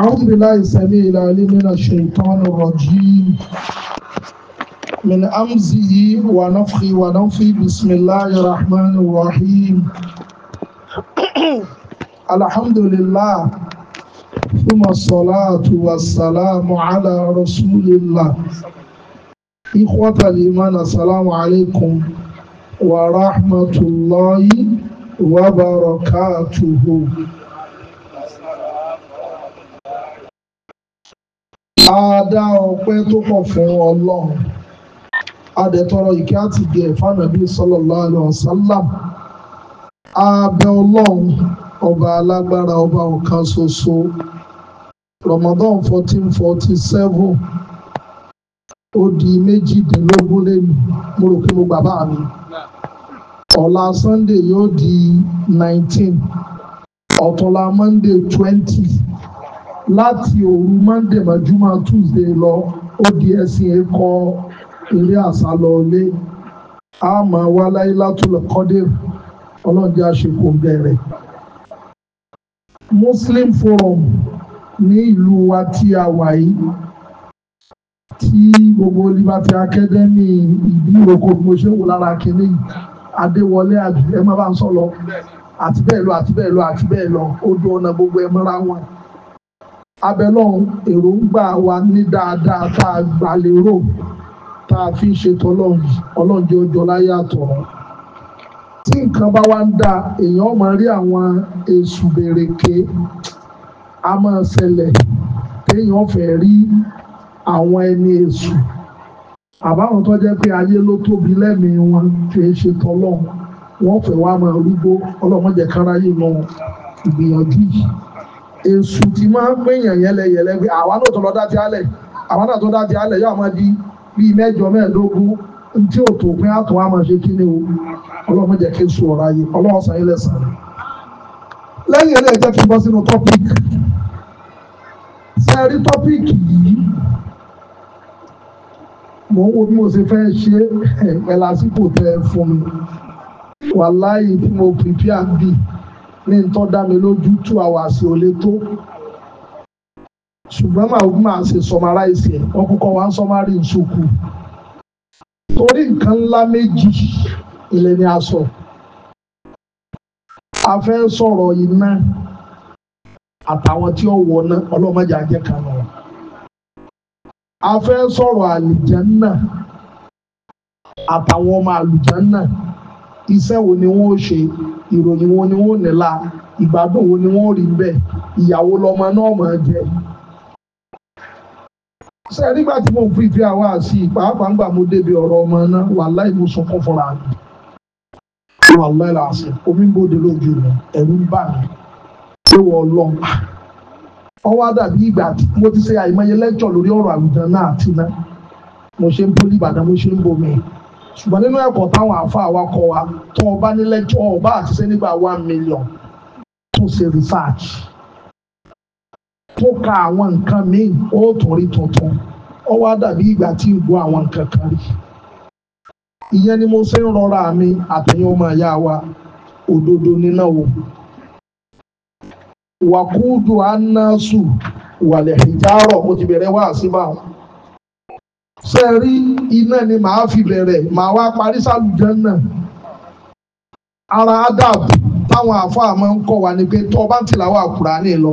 أعوذ بالله السميع العليم من الشيطان الرجيم من أمزه ونفخه ونفخه بسم الله الرحمن الرحيم الحمد لله ثم الصلاة والسلام على رسول الله إخوة الإيمان السلام عليكم ورحمة الله وبركاته Adá ọpẹ́ tó pọ̀ fẹ́ràn Ọlọ́run. Adẹ̀tọ̀rọ̀ ìkẹ́ àti ìgẹ̀ fánàbí sallallahu alaihi wasallam. Abẹ Ọlọ́run ọba alágbára ọba ọ̀kan ṣoṣo. Ramadan fourteen forty seven ó di méjìdínlógún lẹ́nu mo rò pé mo bàbá mi. Ọ̀la Sunday yóò di nineteen. Ọ̀túnla Monday twenty láti òru monday mọ́júmọ́ tuesday lọ ó di ẹ̀sìn ẹ̀kọ́ eré àṣà lọ́ọ́lé a máa wá láyé látúlọ̀ kọ́dẹ̀rù ọlọ́njẹ́ àṣekò bẹ̀rẹ̀. muslim forum ní ìlú wa tí a wà yìí tí gbogbo liberty academy ìbí ìroko mo ṣe wò lára kínní adéwọlé àjù ẹ má bá ń sọ lọ àti bẹ́ẹ̀ lọ àti bẹ́ẹ̀ lọ àti bẹ́ẹ̀ lọ ó dún ọ̀nà gbogbo ẹ mọ́ra wọn abẹ́lọ́run èròǹgbà wa ní dáadáa tá a gbà lérò tá a fi ṣètò ọlọ́run ọlọ́run jẹ́ ọjọ́ láyé àtọ̀run tí nǹkan bá wá ń dà èèyàn máa rí àwọn èṣù bèrèké a máa ṣẹlẹ̀ téèyàn fẹ́ rí àwọn ẹni èṣù àbáwọn tó jẹ́ pé ayé ló tóbi lẹ́mìí wọn kì í ṣe tọ́lọ́run wọ́n fẹ́ wá máa rúgbó ọlọ́run jẹ́ káráyé lọ ìgbìyànjú yìí èṣù ti máa ń pèèyàn yẹlẹyẹlẹ pé àwa náà tó lọ dá ti alẹ̀ àwa náà tó dá ti alẹ̀ yóò máa di bíi mẹ́jọ mẹ́ẹ̀ẹ́dógún tí ò tó pé àtọ̀ àmọ̀ ṣe kí ni o ọlọ́run jẹ́ kí n sùn ọ̀rọ̀ ayé ọlọ́run sàn ilẹ̀ sàn. lẹ́yìn ẹlẹ́yìn jẹ́ kí n bọ́ sínú tọ́píìkì sẹ́ẹ̀rí tọ́píìkì yìí mo ń wo bí mo ṣe fẹ́ ṣe ẹ̀pẹ́ lásìkò tẹ́ fún mi wàláyé tí mo pìpì àbí ní tó dá mi lójú two hours ò lè tó ṣùgbọ́n màá bí màá ṣe summarize ẹ̀ wọ́n kúkọ́ wá summary nsukù torí nǹkan ńlá méjì ilẹ̀ ni a sọ a fẹ́ sọ̀rọ̀ iná àtàwọn tí ó wọ ná ọlọ́mọdé ajẹ́ a fẹ́ sọ̀rọ̀ àlùjànnà àtàwọn ọmọ àlùjànnà iṣẹ́ wo ni wọ́n ó ṣe ìròyìn wo ni wọ́n ó nílà ìgbádùn wo ni wọ́n ó rí bẹ́ẹ̀ ìyàwó lọ́mọ náà máa jẹ. ṣé nígbà tí mo pèpè àwa àti pàápàá ńgbà mo débi ọ̀rọ̀ ọmọ náà wàláhì mo sunkún fúnra mi wàláhì làásì omi ń bòde lójú mi ẹ̀rù ń bà mí pé wọ́n lọ́mọ ọwọ́ àdàbí ìgbà mo ti ṣe àìmọye lẹ́jọ̀ lórí ọ̀rọ̀ àwùjọ náà àti náà mo ṣe ń bó ní Ìbàdàn mo ṣe ń bomi ṣùgbọ́n nínú ẹ̀kọ́ táwọn àfa àwa kọ wa tó o bá ní lẹ́jọ́ o àti sẹ́ one million tó ṣe research tó ka àwọn nǹkan míì ó tún tuntun ó wá dàbí ìgbà tí ń àwọn nǹkan kan rí ni mo ṣe ń rọra mi ọmọ wa òdodo wàkúùdù anásù wàlẹ̀ ìjárọ̀ mo ti bẹ̀rẹ̀ ṣe rí iná ni màá fi bẹ̀rẹ̀ màá wá parí náà ara adab táwọn àfáà máa ń kọ́ wa ni pé tó bá ń tìlà wà Kùránì lọ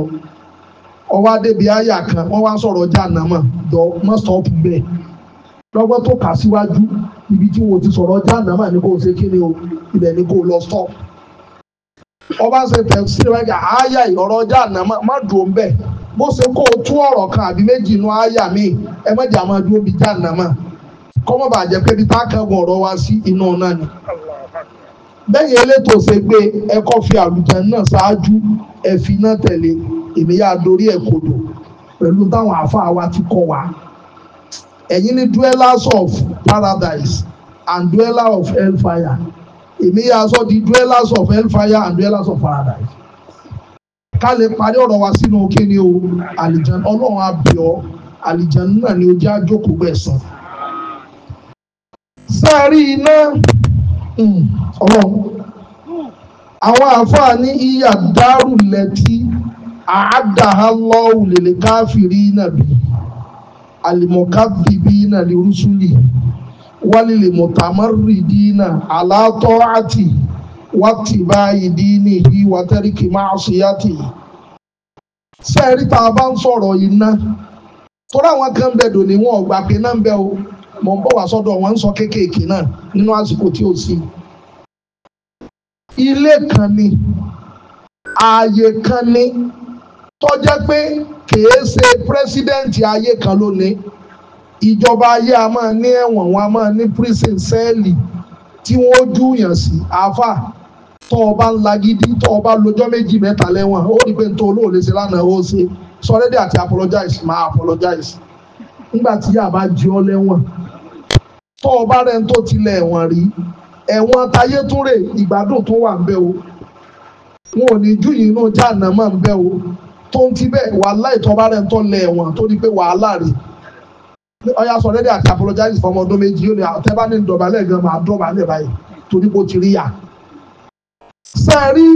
ọwọ́ adébí kan wọ́n wá ń sọ̀rọ̀ jàǹnàmọ̀ dọ̀ mọ́ sọ́ọ̀pù bẹ́ẹ̀ lọ́gbọ́n tó kà síwájú ibi tí wọ́n ti sọ̀rọ̀ jàǹnàmọ̀ ni kò ṣe kí ni o ibẹ̀ ni kò lọ sọ́ọ̀pù ọba ṣe tẹ̀síwájú àyà ìrọ̀rọ̀ jàǹnàmọ̀ má dùn bẹ́ẹ̀ bó ṣe kó o tú ọ̀rọ̀ kan àbí méjì inú àyà mi ẹ mọ̀jà máa dúró bíi jáàna mọ́ kọ́mọ́ bàá jẹ́ pé bíi tákàgùn ọ̀rọ̀ wá sí inú náà ni. bẹ́yìn elétò ṣe gbé ẹ̀kọ́ fi àlùjá náà ṣáájú ẹ̀fí náà tẹ̀lé èmi yá dorí ẹ̀ kodò pẹ̀lú táwọn àáfàá wa ti kọ́ wa. ẹ̀yin ni dwellers of paradise and dwellers of hellfire èmi yá sọ di dwellers of hellfire and dwellers of paradise ká lè parí ọ̀rọ̀ wa sínú òkè ni o àlìjàn ọlọ́run abíọ́ àlìjàn náà ni ojú àjókòó gbẹ̀sán. sáré iná hmm, ọlọ́run àwọn àáfàá ní iyà dárù lẹ́tí àádáha lọ́wọ́ lèlè káfìrí nàbí àlìmọ̀kábìbí nàlẹ́ rúṣùlì wálé lè mọ̀tàmárì dínà àlátọ́ àti wàtìbáyì dínì hí wàtẹ́ríkì máa ṣìyàtì sẹ́ẹ̀rí tá a bá ń sọ̀rọ̀ iná torí àwọn kan bẹ̀ dò ní wọn ọ̀gbà pé náà ń bẹ̀ o mọ̀ ń bọ̀ wá sọ́dọ̀ wọn ń sọ kéékèèké náà nínú ni ààyè kan ni tó jẹ́ ìjọba ayé a máa ní ẹ̀wọ̀n wọn a máa ní prison sẹ́ẹ̀lì tí wọ́n ó júyàn sí àáfàá tọ́ ọ bá ń lagídí tọ́ ọ bá lọ́jọ́ méjì mẹ́ta lẹ́wọ̀n ó rí pé nítorí olóòlè ṣe lánàá ó ṣe sọrẹ́dẹ̀ àti apologize máa apologize nígbà tí yàrá bá jí ọ lẹ́wọ̀n tọ́ ọ bá rẹ̀ ń tó tilẹ̀ ẹ̀wọ̀n rí ẹ̀wọ̀n tayé tún rè ìgbádùn tó wà ń bẹ o wọn ò ní jù yín inú jáàná mọ́ ń bẹ o tó ń ti bẹ́ẹ̀ wàhálà ìtọ́ba rẹ̀ ń tọ́ lẹ̀ ẹ̀wọ̀n tó ní pé wàhálà rè ọyà sọrẹ́dẹ̀ àti apologize fọmọ ọdún méjì yóò ní àtẹ́bá ìdọ̀bálẹ̀ gan máa dọ̀bálẹ̀ báyìí torí kò ti rí yàrá sẹ́rí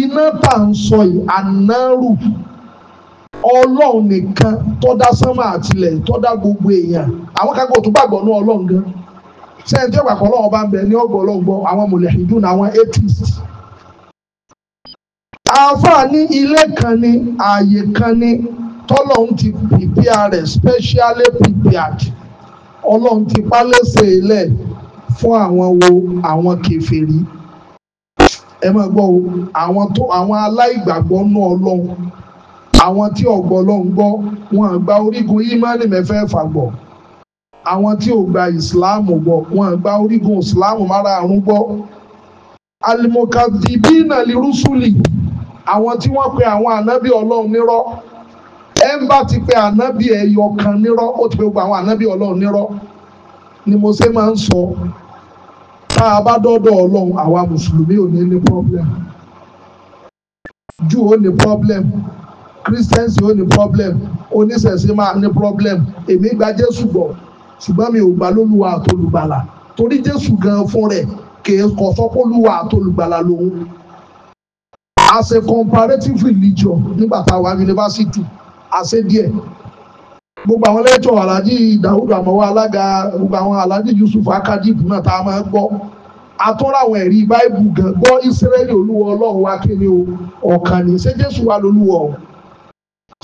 iná tá à ń sọ yìí ànárù ọlọ́run nìkan tó dá sánmà àtìlẹ̀ tó dá gbogbo èèyàn àwọn kágbó tó gbàgbọ́ ní ọlọ́run gan sẹ́yìn tí ó gbàgbọ́ ọlọ́run bá ń bẹ ní ọgbọ́ ọlọ́run gbọ́ àwọn mọ̀lẹ́hìndún àwọn atheist. àáfàá ní ilé kan ní ààyè kan ní tọ́lọ́run ti prepare rẹ̀ specially prepared ọlọ́run ti pálẹ́sẹ̀ ilẹ̀ fún àwọn wo àwọn kèfèrí ẹ máa gbọ́ o àwọn tó àwọn aláìgbàgbọ́ nú ọlọ́run àwọn tí ọ̀gbọ́ ọlọ́run gbọ́ wọn àgbà orígun ìmánì mẹ́fẹ̀ẹ̀fà gbọ́ àwọn tí ò gba ìsìláàmù gbọ́ wọn àgbà orígun ìsìláàmù márààrún gbọ́ alimokadibina lirusuli àwọn tí wọ́n pe àwọn ànábì ọlọ́run nírọ́ ẹ ti pe ànábì ẹ̀yọ̀ kan nírọ́ ó ti pe gbogbo àwọn ànábì ọlọ́run nírọ́ ni mo ṣe máa ń sọ tá a bá dọ́dọ̀ ọlọ́run àwa mùsùlùmí ò ní ní problem jù ó ní problem christians ó ní problem oníṣẹ̀ṣẹ̀ máa ní problem èmi gba jésù gbọ́ ṣùgbọ́n mi ò gbà lólúwa àtolùgbàlà torí jésù gan fún rẹ̀ kìí kọ̀ sọ́kólúwa àtolùgbàlà lòun as a comparative religion nígbà táwa yunifásitì àṣẹ díẹ̀ gbogbo àwọn lẹ́tọ̀ alájí dàúdù àmọ́wọ́ alága gbogbo àwọn alájí yusuf akadibu náà tá a máa gbọ́ atọ́láwọn ẹ̀rí báìbù gan gbọ́ ìsírẹ́lì olúwa ọlọ́run wa kéde o ọ̀kan ní ṣé jésù wa lolúwa o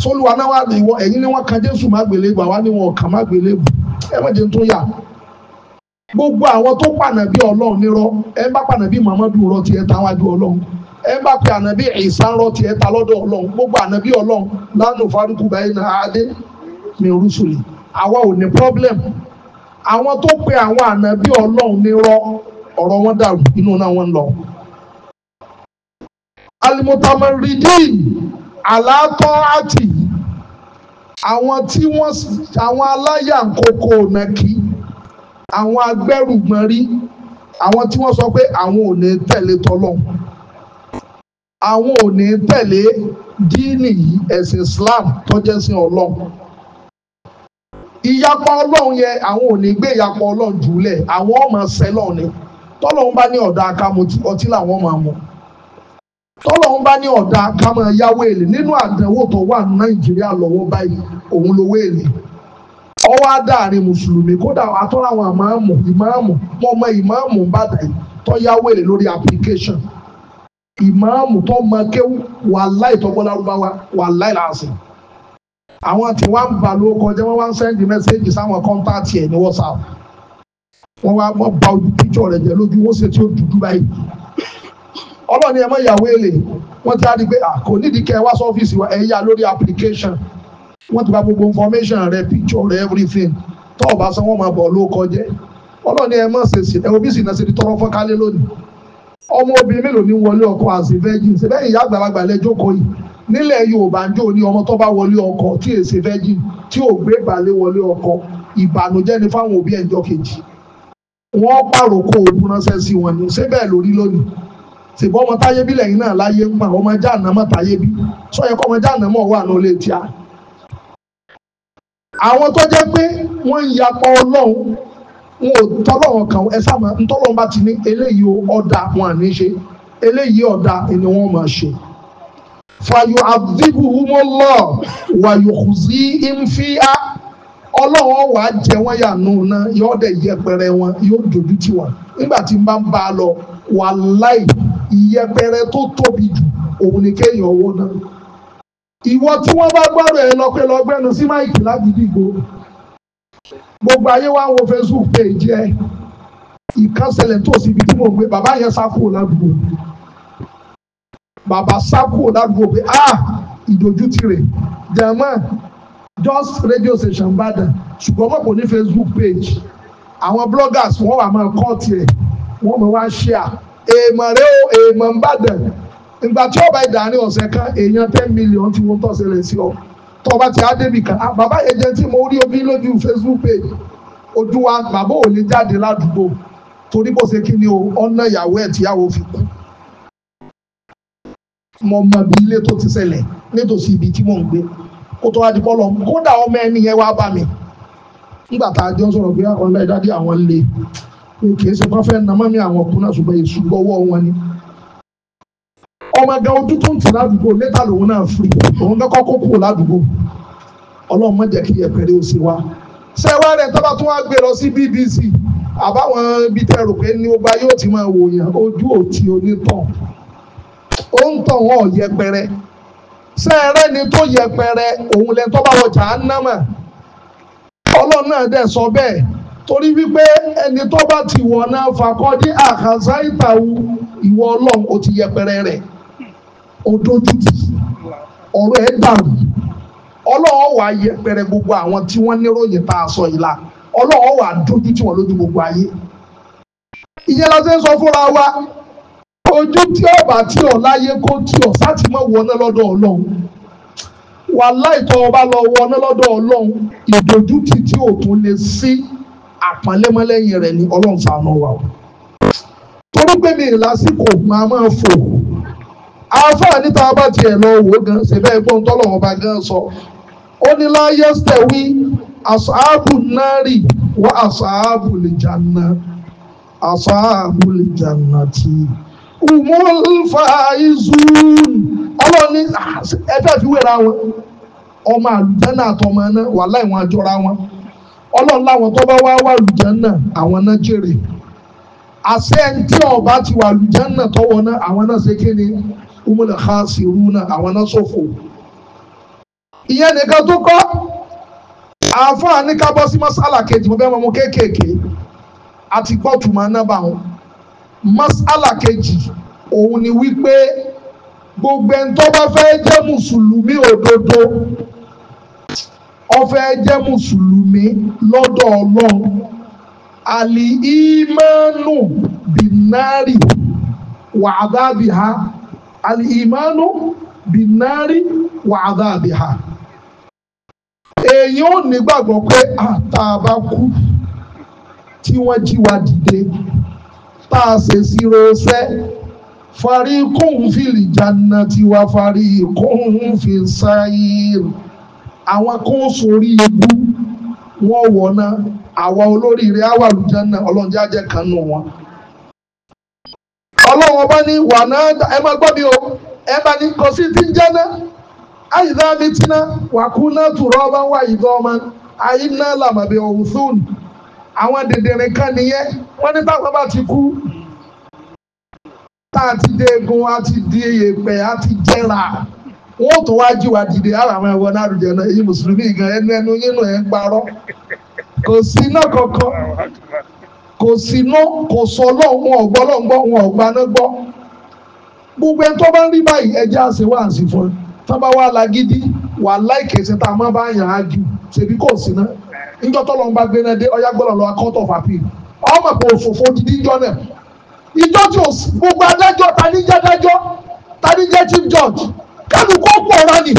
sólúwa náà wà lè wọ ẹ̀yìn ni wọ́n kan jésù má ni gbogbo àwọn tó pànà bí ọlọ́run ẹ bá pànà bí muhammadu rọ tiẹ̀ ọlọ́run ẹ bá ànàbí ní orúṣùlẹ̀ àwa ò ní problem àwọn tó pe àwọn ànábì ọlọ́run ní rọ ọ̀rọ̀ wọn dàrú inú náà wọn lọ. alimutamaridin alatọ àti àwọn tí wọ́n àwọn aláyàǹkókò nàkí àwọn agbẹ́rùgbọ́nrí àwọn tí wọ́n sọ pé àwọn ò ní tẹ̀lé tọlọ́run àwọn ò ní tẹ̀lé díìnì yìí ẹ̀sìn Islam tó jẹ́ ìyapa ọlọ́run yẹ àwọn ò gbé ìyapa ọlọ́run jùlẹ̀ àwọn ọmọ sẹ́lọ̀ ni tọ́lọ́run bá ní ọ̀dà akamọ ọtí làwọn máa tọ́lọ́run bá ní ọ̀dà akamọ èlé nínú àdánwò tó wà ní nàìjíríà lọ́wọ́ báyìí òun lówó èlé ọwọ́ adáàrin mùsùlùmí kódà àmàmù mọ́mọ́ èlé lórí application àwọn tí wọ́n ń bà ló kọjá wọ́n wá ń sẹ́ndì mẹ́sẹ́jì sáwọn kọ́ńtàtì ẹ̀ ní WhatsApp wọ́n wá mọ́ ba ojú píjọ́ rẹ̀ jẹ́ lójú wọ́n ṣe tí ó dúdú báyìí ọlọ́ni ẹ̀ mọ́ ìyàwó èlé wọ́n ti á di pé kò nídìí kẹ́ ẹ wá sọ́fíìsì wa ẹ̀ yá lórí application wọ́n ti bà gbogbo information rẹ̀ píjọ́ rẹ̀ everything tọ́ ọ̀bá sanwó máa bọ̀ ló kọjá ọlọ́ni ẹ̀ mọ́ ṣe sí ẹ̀ òbí sì náà ṣe ti tọrọ fọ́nkálé lónìí ọmọ obìnrin mélòó ni wọlé ọkọ àti virgin ṣe bẹ́ẹ̀ ìyá àgbàlagbà lẹ́jọ́ kọ́ yìí nílẹ̀ yorùbá ń jó ní ọmọ tó bá wọlé ọkọ tí èsè virgin tí ò gbé ìbàlẹ̀ wọlé ọkọ ìbànújẹ́ ni fáwọn òbí ẹ̀jọ́ kejì wọ́n pàròkó òògùn ránṣẹ́ sí wọn ni ṣé bẹ́ẹ̀ lórí lónìí ṣèbọ́ ọmọ táyé bí lẹ́yìn náà láyé ń pa ọmọ jáàná mọ́ táyé bí sọ yẹ kọ́ ọmọ jáàná mọ́ wà lọ́lé tíá. àwọn tó jẹ́ pé wọ́n ń yapa ọlọ́run wọn ò tọ́lọ́run kan ẹ sáà mọ́ ntọ́lọ́run bá ti ní eléyìí ọ̀dà wọn à ní ṣe eléyìí ọ̀dà ni wọ́n máa ṣe fàyò àdìbùhùmọ́lọ́ wàyò kùsí ìmfíà ọlọ́run wà á jẹ wọ́n yà nù ná yóò dẹ̀ yẹpẹrẹ wọn yóò dojú tì wọ́n nígbà tí n bá ń bá a lọ wà láì ìyẹpẹrẹ tó tóbi jù òun ni kéèyàn owó náà ìwọ tí wọ́n bá gbọ́dọ̀ ẹ lọ pé lọ gbẹ́nu sí máìkì lágídígbò gbogbo ayé wa ń wo facebook page ẹ ìkànsẹ̀lẹ̀ tó síbi tí mo gbé bàbá yẹn sá kúrò ládùúgbò bàbá sákúrò ládùúgbò pé ah ìdójútì rẹ̀ jẹ̀mọ́ just radio station Ìbàdàn ṣùgbọ́n mọ̀ kò ní Facebook page àwọn bloggers wọ́n wà máa kọ́ tiẹ̀ wọ́n máa wá share èèmọ̀ rẹ o èèmọ̀ ń bàdàn ìgbà tí ọba ìdàní ọ̀sẹ̀ kan èèyàn ten million tí wọ́n tọ̀sẹ̀lẹ̀ sí ọ tó ọba ti ádébì kan ah, bàbá yẹn jẹ́ mo rí omi lójú Facebook page ojú wa bàbá ò lè jáde ládùúgbò torí bó ṣe kí ni o ọ̀nà ìyàwó ẹ̀ tíyàwó fi kú mo mọ ibi ilé tó ti ṣẹlẹ̀ nítòsí ibi tí mò ń gbé kó tó wá di bọ́ọ̀lù kódà ọmọ ẹni yẹn wá bá mi nígbà tá a jọ sọ̀rọ̀ pé ọ̀la ìdádì àwọn le kì í ṣe pé fẹ́ẹ́ nàmọ́ mi àwọn ọkùnrin àṣùgbọ́n èṣù gbọ́wọ́ wọn ni. ọmọ ẹgbẹ́ ojú tó ń tì ládùúgbò létà lòun náà firi òun kọ́kọ́ kó kúrò ládùúgbò ọlọ́run má kí ẹ̀pẹ̀rẹ̀ ó ṣe wá. ṣé rẹ̀ tọ́ba tún wá gbé lọ sí BBC àbáwọn ibi tẹ́ rò pé ní ó yóò ti máa wòyàn ojú òtí onítàn ó ń tàn wọ́n yẹpẹrẹ sẹ́ẹ̀rẹ́ ni tó yẹpẹrẹ òun lẹ tó bá wọ jàánámà ọlọ́run náà dẹ̀ sọ bẹ́ẹ̀ torí wípé ẹni tó bá ti wọ̀ náà fàkọ́dí àkàzá ìtàwù ìwọ ọlọ́run ó ti yẹpẹrẹ rẹ̀ odó títì ọ̀rọ̀ ẹ̀ dàrú ọlọ́run wà yẹpẹrẹ gbogbo àwọn tí wọ́n níròyìn tá a sọ yìí la ọlọ́run wà dójú tí wọ́n lójú gbogbo ayé ìyẹn la sọ fúnra wa ojú tí ọba tí ọ láyé kó tí ọ sáti mọ wọná lọ́dọ̀ Ọlọ́run wàláì tó ọba lọ wọná lọ́dọ̀ Ọlọ́run ìdójútì tí ò tún lè sí àpálẹmọlẹyìn rẹ ni Ọlọ́run ṣàánú wa o torí pé mi lásìkò máa máa fò àáfàá níta bá tiẹ̀ lọ wò ó gan ṣe bẹ́ẹ̀ gbọ́n tọ́lọ̀ ọba gan sọ ó ní láyé stẹ̀wí asaabu nari wa asaabu lè jànà asaabu lè jànà tì í umulfaizun ọlọ́run ní ah, ẹ̀fẹ́ fi wéra wọn ọmọ àlùjáná àtọmọ náà wà láì wọn àjọra wọn ọlọ́run láwọn tó bá wá wà àlùjáná àwọn náà jèrè àṣẹ tí ọba ti wà àlùjáná tọwọ́ náà àwọn náà ṣe kí ni umulkhasiruna àwọn náà ṣòfò ìyẹn nìkan tó kọ́ àáfàá ní sí mọ́sálà kejì mo fẹ́ mọ́ mo kéékèèké àti gbọ́tùmọ̀ náà bá wọn masala kejì òun ni wípé gbogbo ẹni tó bá fẹ́ jẹ́ mùsùlùmí òdodo ó fẹ́ jẹ́ mùsùlùmí lọ́dọ̀ ọlọ́run àlì ìmánu bìnárì wàdábìhá àlì ìmánu bìnárì wàdábìhá èèyàn ò nígbàgbọ́ pé àtàbà ah, tí wọ́n jí wa dìde tá a ṣe sírò ṣẹ́ fari kún fìlì jana tiwa fari kún fi sáyìrì àwọn kan sórí ibú wọn wọ̀nà àwa olóríire awàlùjánà ọlọ́njẹ́ ajẹ́ kan nù wọn. ọlọ́wọ́n bá ní wà náà ẹ máa gbọ́ mi o ẹ bá ní kò sí ti ń jẹ́nà àyíká mi tiná wà kú náà tùrọ̀ ọba wà ìgbà ọmọ àyíná làmàbí ọ̀hún sóòlù àwọn dèdèrè kan nìyẹn wọ́n ní táwọn bá ti kú tá a ti dé egun a ti di èèpẹ̀ a ti jẹ́ra wọ́n tó wá jí wa dìde ara àwọn ẹ̀wọ̀n náà àrùjẹ náà èyí mùsùlùmí gan ẹnu ẹnu yínú ẹ̀ ń parọ́ kò sí iná kankan kò sí iná kò sọ lọ́wọ́ ọ̀gbọ́n lọ́gbọ́n wọn ọ̀gbọ́n náà gbọ́ gbogbo ẹni tó bá ń rí báyìí ẹjẹ́ àṣẹ wá àṣì fún ẹ tó bá wà lágídí wà láìkèsí tá a máa bá yàn á jù ṣèbí kò sí náà níjọ́ tọ́lọ́ ń bá gbéná dé ọ̀yá gbọ́dọ̀ lọ court of appeal ọmọ pé òfófó dídí ìjọ náà ìjọ tí ò gbogbo adájọ́ tani jẹ́ chief judge kẹ́nu kó pọ̀ rani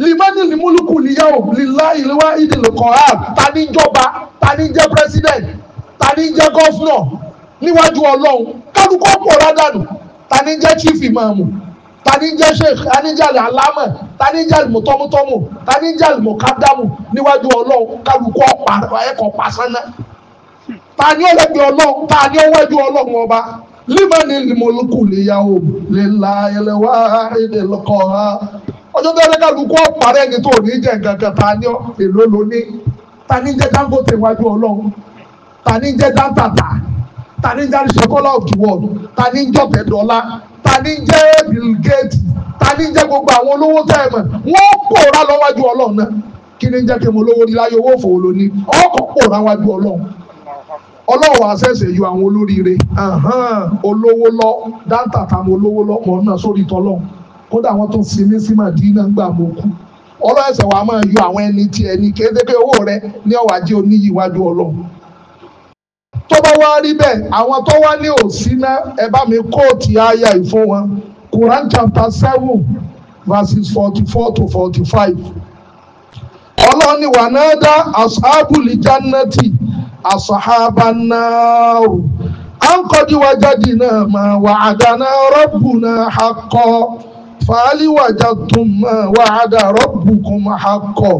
limani limuluku liyawo lila ìlúwa ìdìlẹ̀ kọ̀ọ̀hán tani jọba tani jẹ́ president tani jẹ́ governor níwájú ọlọ́run kẹ́nu kó pọ̀ rádànù tani jẹ́ chief imam. tani jẹ́ sheikh tani jẹ́ alámọ̀ tani jẹ́ mọ̀tọ́mọ́tọ́mù tani jẹ́ mọ̀kádámù níwájú ọlọ́run kálukú ẹ̀kọ́ pàṣánná tani ọlẹ́gbẹ̀ẹ́ ta tani ọwọ́jú ọlọ́run ọba limani mọ̀lùkù lèyàwó lèlà ẹlẹ́wà ìdèlọ́kọ̀ ha ọjọ́ tó yẹ kálukú ọ̀pàrẹ́ ẹni tó ní jẹ́ gàgà tani èlò lóní tani jẹ́ Dangote wájú ọlọ́run tani jẹ́ dantata tani jẹ́ arisọ́kọ́lá òkìwọ́ọ̀dù tani jọ́tẹ̀dọ́lá tani jẹ́ Bill Gates tani jẹ́ gbogbo àwọn olówó tẹ́ ẹ mọ̀ wọ́n pòórá lọ́wájú ọlọ́run náà kí ni jẹ́ kí mo lówó ní láyé owó òfò lóní ọkọ̀ pòórá wájú ọlọ́run ọlọ́run àṣẹ̀ṣẹ̀ yọ àwọn olóríire olówó lọ dáńtà táwọn olówó lọ́pọ̀ náà sórí tọ́lọ́run kódà wọ́n tún sinmi sí màdínà gbà mọ́ kú ọlọ́run ẹ̀sẹ̀ wàá máa yọ àwọn ẹni tí ẹni kéde pé owó rẹ ní ọ̀wájú oníyìíwájú ọlọ́run tó bá wá rí bẹ́ẹ̀ àwọn tó wá ní òsì náà ẹ bá mi kóòtù àyà ìfún wọn Quran chapter seven verses forty four to forty five ọlọ́ni wà náà dá asábùlì jannati asahabanaaru ankọ́dí wájáde náà máa wà àdáná rọ́bù náà hakọ́ fàálì wàjà tó máa wà àdá rọ́bù kò máa hakọ́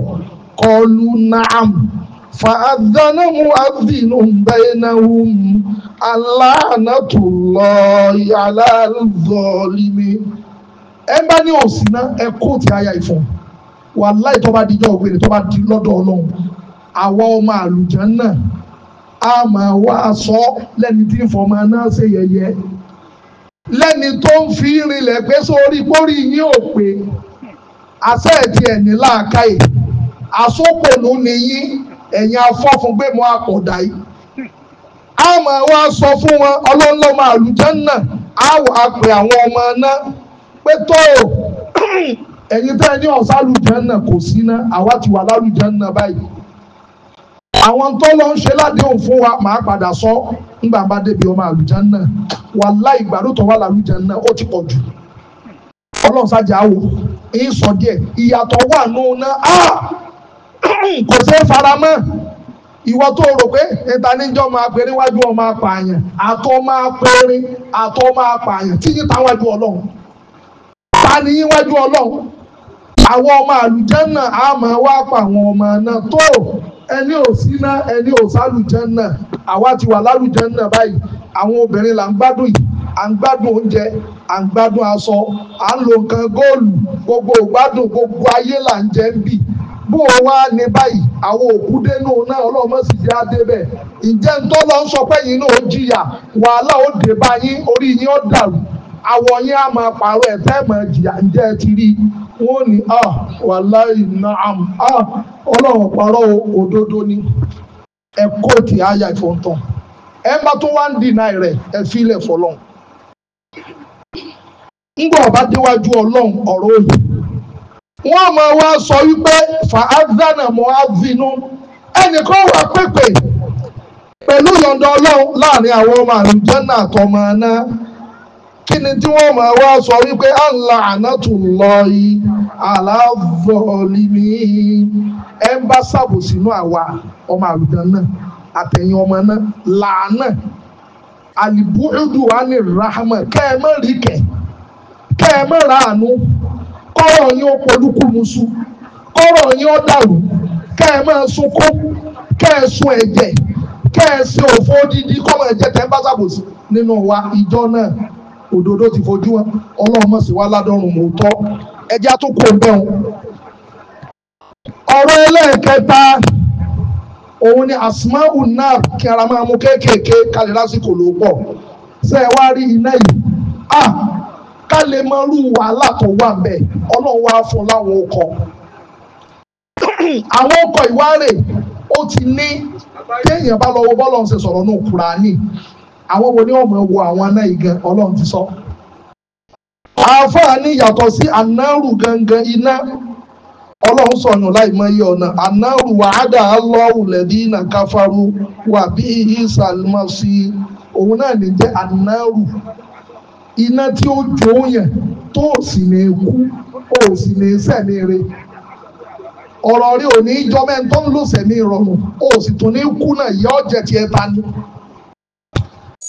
kọlu naam. فأذن مؤذن بينهم اللعنة الله على الظالمين ẹ ẹ kó ti aya ìfọ̀n tó bá tó bá di lọ́dọ̀ ọlọ́run àwa ọmọ a máa wá aṣọ lẹ́ni tí ń náà ṣe yẹ̀yẹ́ lẹ́ni tó ń fi rinlẹ̀ pé sórí pórí yín ò pé àṣẹ ẹ̀yin mu àpọ̀dà yìí a máa wá sọ fún wọn ọlọ́lọ́mọ àlùjànnà á wàá pè àwọn ọmọ aná. pé tó ẹ̀yin tẹ́ ẹ ní ọ̀sán kò sí ná àwa ti wà lálùjànnà báyìí àwọn tó ń ṣe ládéhùn fún wa padà sọ ńgbà bá ọmọ wà ó ti pọ̀ jù kò ṣe é faramọ́ ìwọ tó rò pé ìtaníjọ́ máa pè níwájú ọmọ apààyàn àtọ́ máa pèrè àtọ́ máa pààyàn títí táwájú ọlọ́run ta ni yíwájú ọlọ́run àwọn ọmọ àlùjànnà á máa wá pa àwọn ọmọ náà tó ẹni ò síná ẹni ò sálùjànnà àwa ti wà lálùjànnà báyìí àwọn obìnrin là ń gbádùn yìí à ń gbádùn oúnjẹ à ń gbádùn aṣọ à ń lo nǹkan góòlù gbogbo ìgbádùn gbogbo ayé là ń jẹ ń bì bó o wá ní báyìí àwọn òkú dénú náà ọlọ́mọ sì jẹ́ adébẹ̀ ǹjẹ́ ń tọ́ lọ ń sọ pé yín náà ó jìyà wàhálà ó dé bá yín orí yín ó dàrú àwọ̀ yín á máa pààrọ̀ ẹ̀ ah ọlọ́run pààrọ̀ òdodo ni ẹ kó ti àyà ẹ wọn ma wá sọ wípé fàázánà mọ́ázínú ẹnìkan wà pépè pẹ̀lú yọ̀ǹda ọlọ́run láàrin àwọn ọmọ àlùjànnà àtọmọ náà kí ni tí wọn ma wá sọ wípé àlà ànátùlọ́ọ̀yì àlàvọ̀ọ̀lìmí ẹ ń bá sàbò sínú àwa ọmọ ọmọ náà làánà ẹ kọ́rọ̀ yín ó polúkúmuṣu kọ́rọ̀ yín ó dàrú kẹ́ ẹ máa sunkún kẹ́ ẹ sun ẹ̀jẹ̀ kẹ́ ẹ sin òfò dídí kọ́mọ ẹ̀jẹ̀ tẹ́ ń bá ṣàbòsí nínú wa ìjọ náà òdodo ti fojú wọn ọlọ́run mọ̀ sí wa ládọ́run mò ń tọ́ ẹja tó kó bẹ́ẹ̀ ọ̀rọ̀ ẹlẹ́ẹ̀kẹta òun ni asma unar kí ara máa mú kéékèèké kalẹ̀ lásìkò ló pọ̀ sẹ́ẹ̀ wá rí iná yìí ah! ká lè mọ irú wàhálà tó wà ń bẹ ọlọ́run wá fún láwọn ọkọ̀ àwọn ọkọ̀ ìwárè ó ti ní téèyàn bá lọ wo bọ́lọ̀ ń ṣe sọ̀rọ̀ ní Kùránì àwọn wo ni ọmọ ẹ wo àwọn náà igan ọlọ́run ti sọ. àfààní yàtọ̀ sí ànárù gangan iná ọlọ́run sọ̀yàn láì mọ iye ọ̀nà ànárù wàhádà alọ́ọ̀rù lẹ́dí iná káfárú wà bí ìsàlùmọ́sí òun náà ní jẹ́ anáàrù iná tí ó jó yẹn tó ò sì ní kú ó sì ní sẹ̀mí re ọ̀rọ̀ rí ò ní jọ mẹ́ńtọ́ ló sẹ̀mí rọrùn ó sì tún ní kú náà yọ ọ̀jẹ̀ tiẹ̀ ta ni.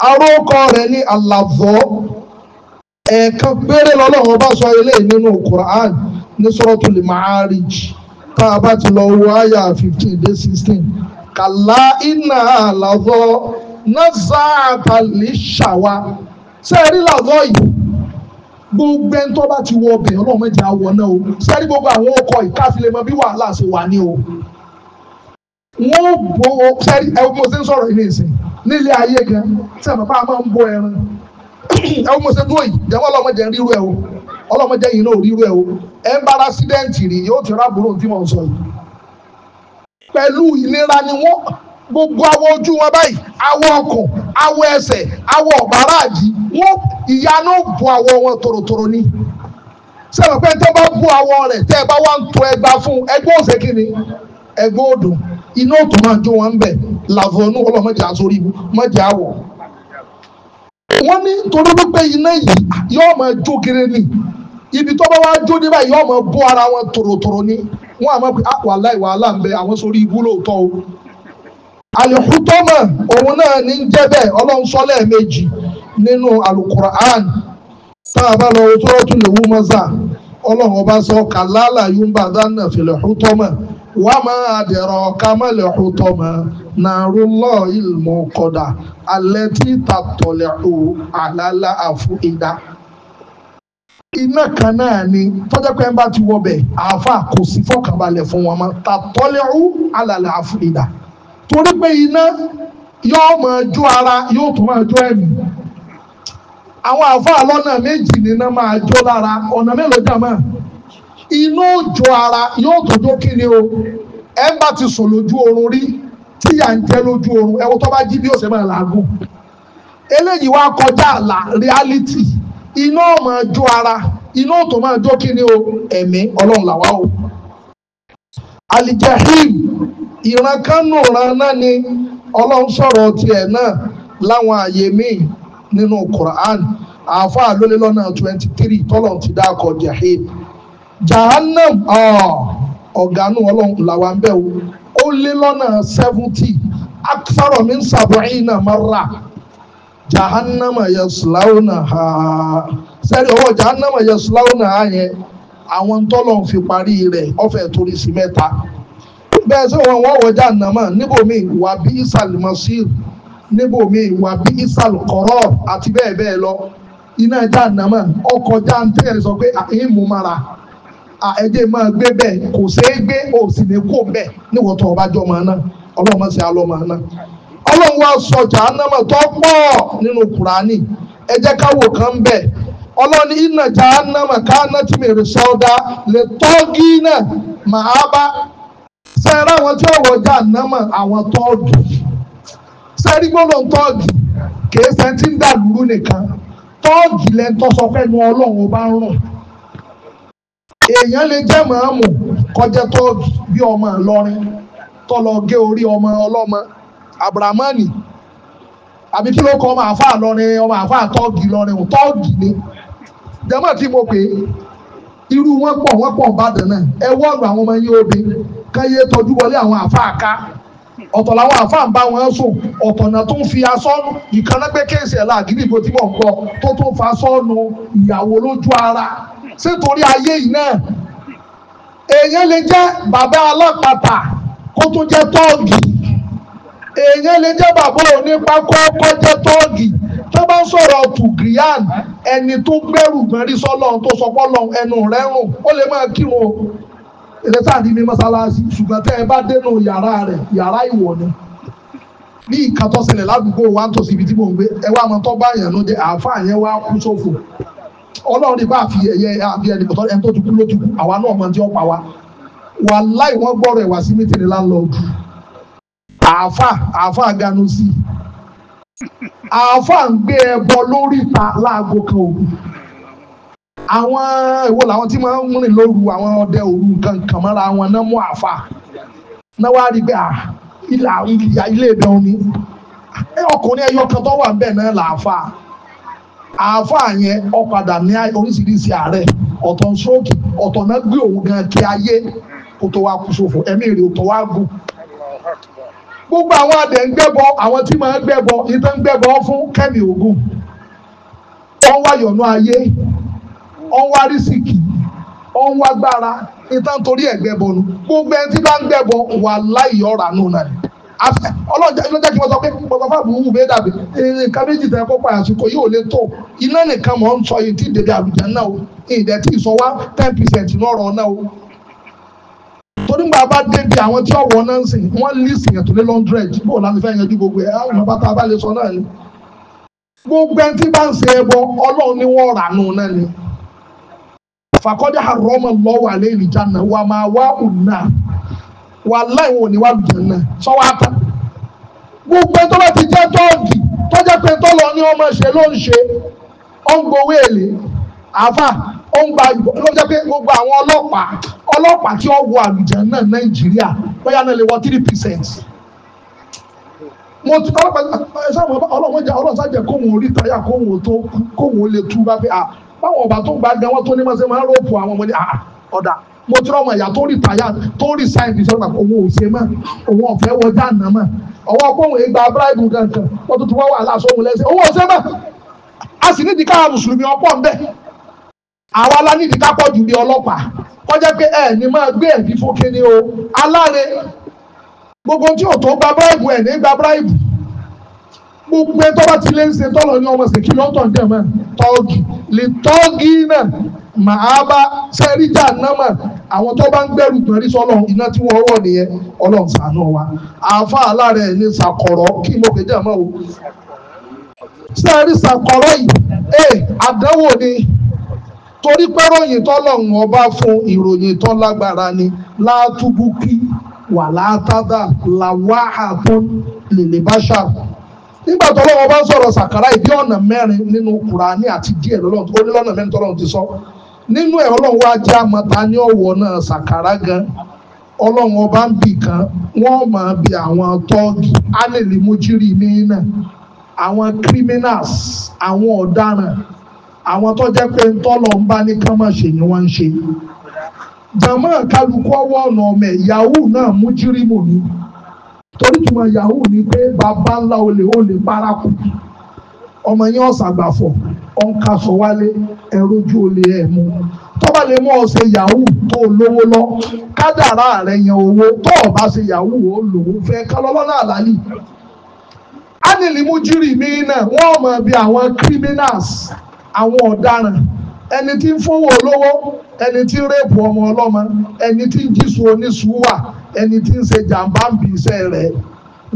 arókọ rẹ̀ ní àlàfọ́ ẹ̀ẹ̀kan péré lọ́lọ́run bá sọ eléyìí nínú Quran ní Suratul Ma'arij tá a bá ti lọ wo àyà fifteen dé sixteen kàlá iná àlàfọ́ náà sáà tà lè ṣàwá ṣé ẹ rí làzọ́ yìí gbogbo ẹni tó bá ti wọ ọbẹ̀ ọlọ́run mẹ́jẹ̀ á wọ náà o ṣé ẹ rí gbogbo àwọn ọkọ̀ ìkáfílẹ̀ mọ bí wàhálà ṣe wà ní o wọ́n bo ṣé ẹ rí ẹ mo ṣe ń sọ̀rọ̀ ilé ìsìn nílé ayé gan ṣé bàbá máa ń bọ ẹran ẹ mo ṣe dúró jẹ́wọ́ ọlọ́run mẹ́jẹ̀ ríru ẹ o ọlọ́run mẹ́jẹ̀ yìí náà ríru ẹ o ẹ ń bára sídẹ́ǹtì rí yóò ti rábùrún tí mò ń sọ yìí pẹ̀lú ìlera ni wọ́n gbogbo awọ ojú wọn báyìí awọ ọkọ̀ awọ ẹsẹ awọ ọ̀gbáradì wọ́n ìyanu bu awọ wọn torotoro ni sẹ́wọ̀n pé tẹ́ bá awọ rẹ̀ tẹ́ bá wà ń to ẹgbà fún ẹgbẹ́ òsè kìíní ẹgbẹ́ odò iná òtò máa jó wọn bẹ̀ làvọ̀nù ọlọ́mọdé ibu mọ́jà awọ. Wọn ní torí iná yìí yóò máa jó ni ibi tó bá jó yóò ara wọn ni Wọn àmọ́ pé wàhálà ìwàhálà ń bẹ àwọn sórí alihutoma òun náà ní ń jẹ́ bẹ́ẹ̀ ọlọ́run nínú alukur'an tá a bá lọ òtúrọ́tù lèwu mọ́sá ọlọ́run ọba sọ kàlálà yúmbà dáná filihutoma wà máa àdẹ̀rọ̀ na nàárú lọ ìlmọ̀ kọ̀dà alẹ́ tí tàtọ̀lẹ̀hu àlálà àfu ìdá. iná kan náà ni pé ń bá ti wọ àáfà kò torí pé iná yóò máa jó ara yóò tún máa jó ẹ̀mí àwọn àfáà lọ́nà méjì níná máa jó lára ọ̀nà mélòó jàmọ́ inú òjò ara yóò tó jó kí ni o ẹ bá ti sùn lójú oorun rí tí yà ń jẹ lójú oorun ẹ wo tó bá jí bí òsè máa làágùn eléyìí wá kọjá àlà reality iná máa jó ara iná tó máa jó kí ni o ẹ̀mí ọlọ́run làwa o. alijahim ìran kánú náà ni ọlọ́run sọ̀rọ̀ tiẹ̀ náà láwọn àyè míì nínú Quran àáfàá lólé lọ́nà twenty three tọ́lọ̀ ti dákọ̀ jahim jahannam ah, ọ̀gánú ọlọ́run làwa ń bẹ̀ wò ó lé lọ́nà seventy ha sẹ́ni ọwọ́ ha yẹn. àwọn tọ́lọ̀ ń fi parí rẹ̀ ọ̀fẹ́ torí sí mẹ́ta bẹ́ẹ̀ sọ wọn wọ́n wọjá nàmọ́ níbòmí ìwà bí ìsàlùmọ́síl níbòmí ìwà bí ìsàlùkọ́rọ́ àti bẹ́ẹ̀ bẹ́ẹ̀ lọ iná ẹja nàmọ́ ọkọ̀ já ń tẹ́lẹ̀ sọ pé ìmú mara ẹjẹ máa gbé bẹ́ẹ̀ kò ṣeé gbé ò sì ní kó bẹ́ẹ̀ níwọ̀n tó ọba jọ màá náà ọlọ́mọ sí alọ́mọ náà ọlọ́run wa sọ jàánàmọ́ tó pọ̀ nínú kùránì kan bẹ́ẹ̀ ọlọ́ni iná jahannama káná tí mèrè sọ́dá lè tọ́gí náà a bá sẹ́ẹ̀rẹ́ àwọn tí ọ̀wọ́ jahannama àwọn tọ́ọ̀gì sẹ́ẹ̀rí gbọ́dọ̀ tọ́ọ̀gì kìí ṣe ti ń dàlúrú nìkan tọ́ọ̀gì lẹ́nu tó sọ pé ọlọ́run bá ń rùn èèyàn lè jẹ́ màámù kọjá tọ́ọ̀gì bí ọmọ ìlọrin tọ́lọ gé orí ọmọ ọlọ́mọ abramani àbí kí ló kọ ọmọ àfa lọrin ọmọ àfa lọrin ni. jẹ́mọ̀ tí mo pè é irú wọn pọ̀ wọ́n pọ̀ Ìbàdàn náà ẹ wọ́ọ̀lù àwọn ọmọ yín obì káyé tọ́jú wọlé àwọn àfáà ká ọ̀tọ̀ làwọn àfáà ń bá wọn sùn ọ̀tọ̀ náà tó ń fi aṣọ ìkànnà pé kéèsì ẹ̀ láàgídì ìbò tí mò ń gbọ́ tó tó ń fa sọ́ọ̀nù ìyàwó lójú ara ṣé torí ayé yìí náà èèyàn lè jẹ́ bàbá alápàtà kó tó jẹ́ tọ́ọ̀gì èèyàn lè jẹ́ bàbá onípa kó kó jẹ́ tó bá ń sọ̀rọ̀ tùgìyàn ẹni tó gbẹ́rù gan rí sọ́lọ́run tó sọ pọ́lọ́run ẹnu rẹ̀ rùn ó lè máa kírun o ẹlẹ́sà ní mọ́sálásí ṣùgbọ́n tẹ́ ẹ bá dénú yàrá rẹ̀ yàrá ìwọ̀ ni ní ìka tó ṣẹlẹ̀ ládùúgbò wa ń tòsí ibi tí mò ń gbé ẹ wá mọ tó bá yàn ló jẹ àáfàá yẹn wá kú sófò ọlọ́run ní bá fi ẹ̀yẹ àbí ẹni tó ẹni tó ti kú lójú àwa náà mọ tí ó pa wa wà láì wọ́n gbọ́rọ̀ ẹ̀wà sí mítìrì láńlọ́ọ̀dù àáfàá àáfàá ganu sí i àáfàá ń gbé ẹbọ lóríta láago kan òru àwọn èwo làwọn tí máa ń rìn lóru àwọn ọdẹ òru nǹkan kan mọ́ra wọn náà mú àáfàá náà wá rí bẹ́ẹ̀ ilà ilé ìdán ni ọkùnrin ẹyọ kan tó wà ń bẹ̀ náà làáfàá àáfàá yẹn ọ̀padà ní oríṣiríṣi àárẹ̀ ọ̀tọ̀ stroke ọ̀tọ̀ náà gbé òun gan kí ayé kó tó wá kú ṣòfò ẹ̀mí rẹ̀ ò tó wá gùn. gbogbo àwọn adẹ̀ ń gbẹ́bọ àwọn tí máa gbẹ́bọ ìtàn fún kẹ́mi ogun ọ̀n wá yọ̀nú ayé ọ̀n wá rísìkì ọ̀n wá gbára ìtàn torí ẹ̀ gbẹ́bọ gbogbo ẹni tí bá ń gbẹ́bọ wà láì ọ̀rà nù ọlọ́jà ìlọ́jà kí wọ́n sọ pé fáàbù wù bẹ́ẹ̀ dàbí tẹ̀ kó pa àsìkò yóò tó iná nìkan mọ̀ ń sọ torí gbà bá débi àwọn tí ọ̀wọ́ náà ń sìn wọ́n lísì yẹn tó lé lọ́ndrẹ́d bó o láti fẹ́ yanjú gbogbo ẹ̀ àwọn ọmọ bàtà abálẹ̀ sọ náà ni. gbogbo ẹni tí bá ń ṣe ẹbọ ọlọ́run ni wọ́n rà nù náà ni. fàkọ́jà àrọ́mọ lọ́wọ́ àlẹ́ ìlìjànà wà máa wá ònà wà láì wò ní wà lùjànà sọ́wọ́ àtà. gbogbo ẹni tó bá ti jẹ́ tọ́ọ̀gì tó jẹ́ pé tọ́lọ ni ọmọ ṣe ló ń ó ń gba ló jẹ́ pé gbogbo àwọn ọlọ́pàá ọlọ́pàá tí wọ́n wọ àlùjẹ́ náà nàìjíríà bóyá náà lè wọ three percent mo ti ọlọ́pàá ẹ sáwọn ọlọ́wọ́n jẹ ọlọ́sà jẹ kóhùn orí táyà kóhùn tó kóhùn lè tú bá pé à báwọn ọba tó gba gan wọn tó ní máa ṣe máa rọ́ọ̀pù àwọn ọmọdé à ọ̀dà mo ti rọ́ọ̀mọ̀ ìyá tó rí táyà tó rí sáyẹ̀nsì sọ́dọ̀ pàpọ̀ òun ò ṣe mọ́ òun ọ̀fẹ́ wọ dáná mọ́ ọwọ́ ọgbọ́n ìgbà bíráìbù kankan wọ́n tuntun wá wà láṣọ òun lẹ́sẹ̀ òun ò ṣe a sì nídìí káà mùsùlùmí ọ̀pọ̀ ń bẹ́ẹ̀ àwa la nídìí kápọ̀ jù lé ọlọ́pàá kọjá pé ẹ ní máa gbé ẹ̀bí fún kíni o aláre gbogbo tí ò tó gba bíráìbù ẹ̀ ní gba bíráìbù gbogbo ẹtọ́ bá ti lé ń ṣe tọ́lọ̀ ní ọmọ sèkì lọ́tọ̀ ní ẹ̀mọ́ tọ́ọ̀gì lè tọ́ọ̀gì náà màá bá sẹ́ríjà námà àwọn tó bá ń gbẹ́rù gbẹ̀rí sọ́lọ̀ iná tí wọ́n wọ̀ nìyẹn ọlọ́run ṣàánú wa àáfà aláàrẹ̀ ní sàkọ̀rọ̀ kí mo kéde àmọ́ o sẹ́rí sàkọ̀rọ̀ yìí ẹ̀ eh, àdánwò ni torí pé ròyìn tọ́lọ́run ọba fún ìròyìn tó lágbára ni látúbùkí wà látàdà làwáhà tó lèlè báṣà nígbà tọ́lọ́run ọba ń sọ̀rọ̀ sàkárà ìdí ọ̀nà mẹ́rin nínú kùránì àti díẹ̀ lọ́lọ́run ó ní lọ́nà mẹ́rin tọ́lọ́run ti sọ nínú ẹ̀ ọlọ́run wá jẹ́ àmọ́ta ní ọ̀wọ́ náà sàkárà gan ọlọ́run ọba ń bì kan wọ́n máa bi àwọn tọ́ọ̀gì ánìlímójírì mí náà àwọn criminals àwọn ọ̀daràn àwọn tó jẹ́ pé ntọ́lọ̀ ń bá ní kán máa ṣe ni wọ́n ń ṣe jàmọ́ kálukú ọwọ́ ọ̀nà ọmọ ẹ̀ yahoo náà mú jírímù ni torí tuma yahoo ni pé bàbá ńlá olè olè paraku ọmọ yẹn ọ̀sàgbàfọ̀ ọ̀nkasọ̀ wálé ẹ̀rọjú olè ẹ̀ mú tọ́ba lè mú ọ ṣe yahoo tó lówó lọ kádàrá rẹ̀ yẹn owó tó o bá ṣe yahoo ó lòó fẹ́ kálọ́lọ́ náà lálẹ́ ánìlímú jírímù náà wọ́n mọ̀ bí àwọn criminals àwọn ọ̀daràn ẹni tí ń fowó olówó ẹni tí ń rẹ́pù ọmọ ọlọ́mọ ẹni tí ń jísù oníṣùwà ẹni tí ń ṣe jàǹbá ń bí iṣẹ́ rẹ̀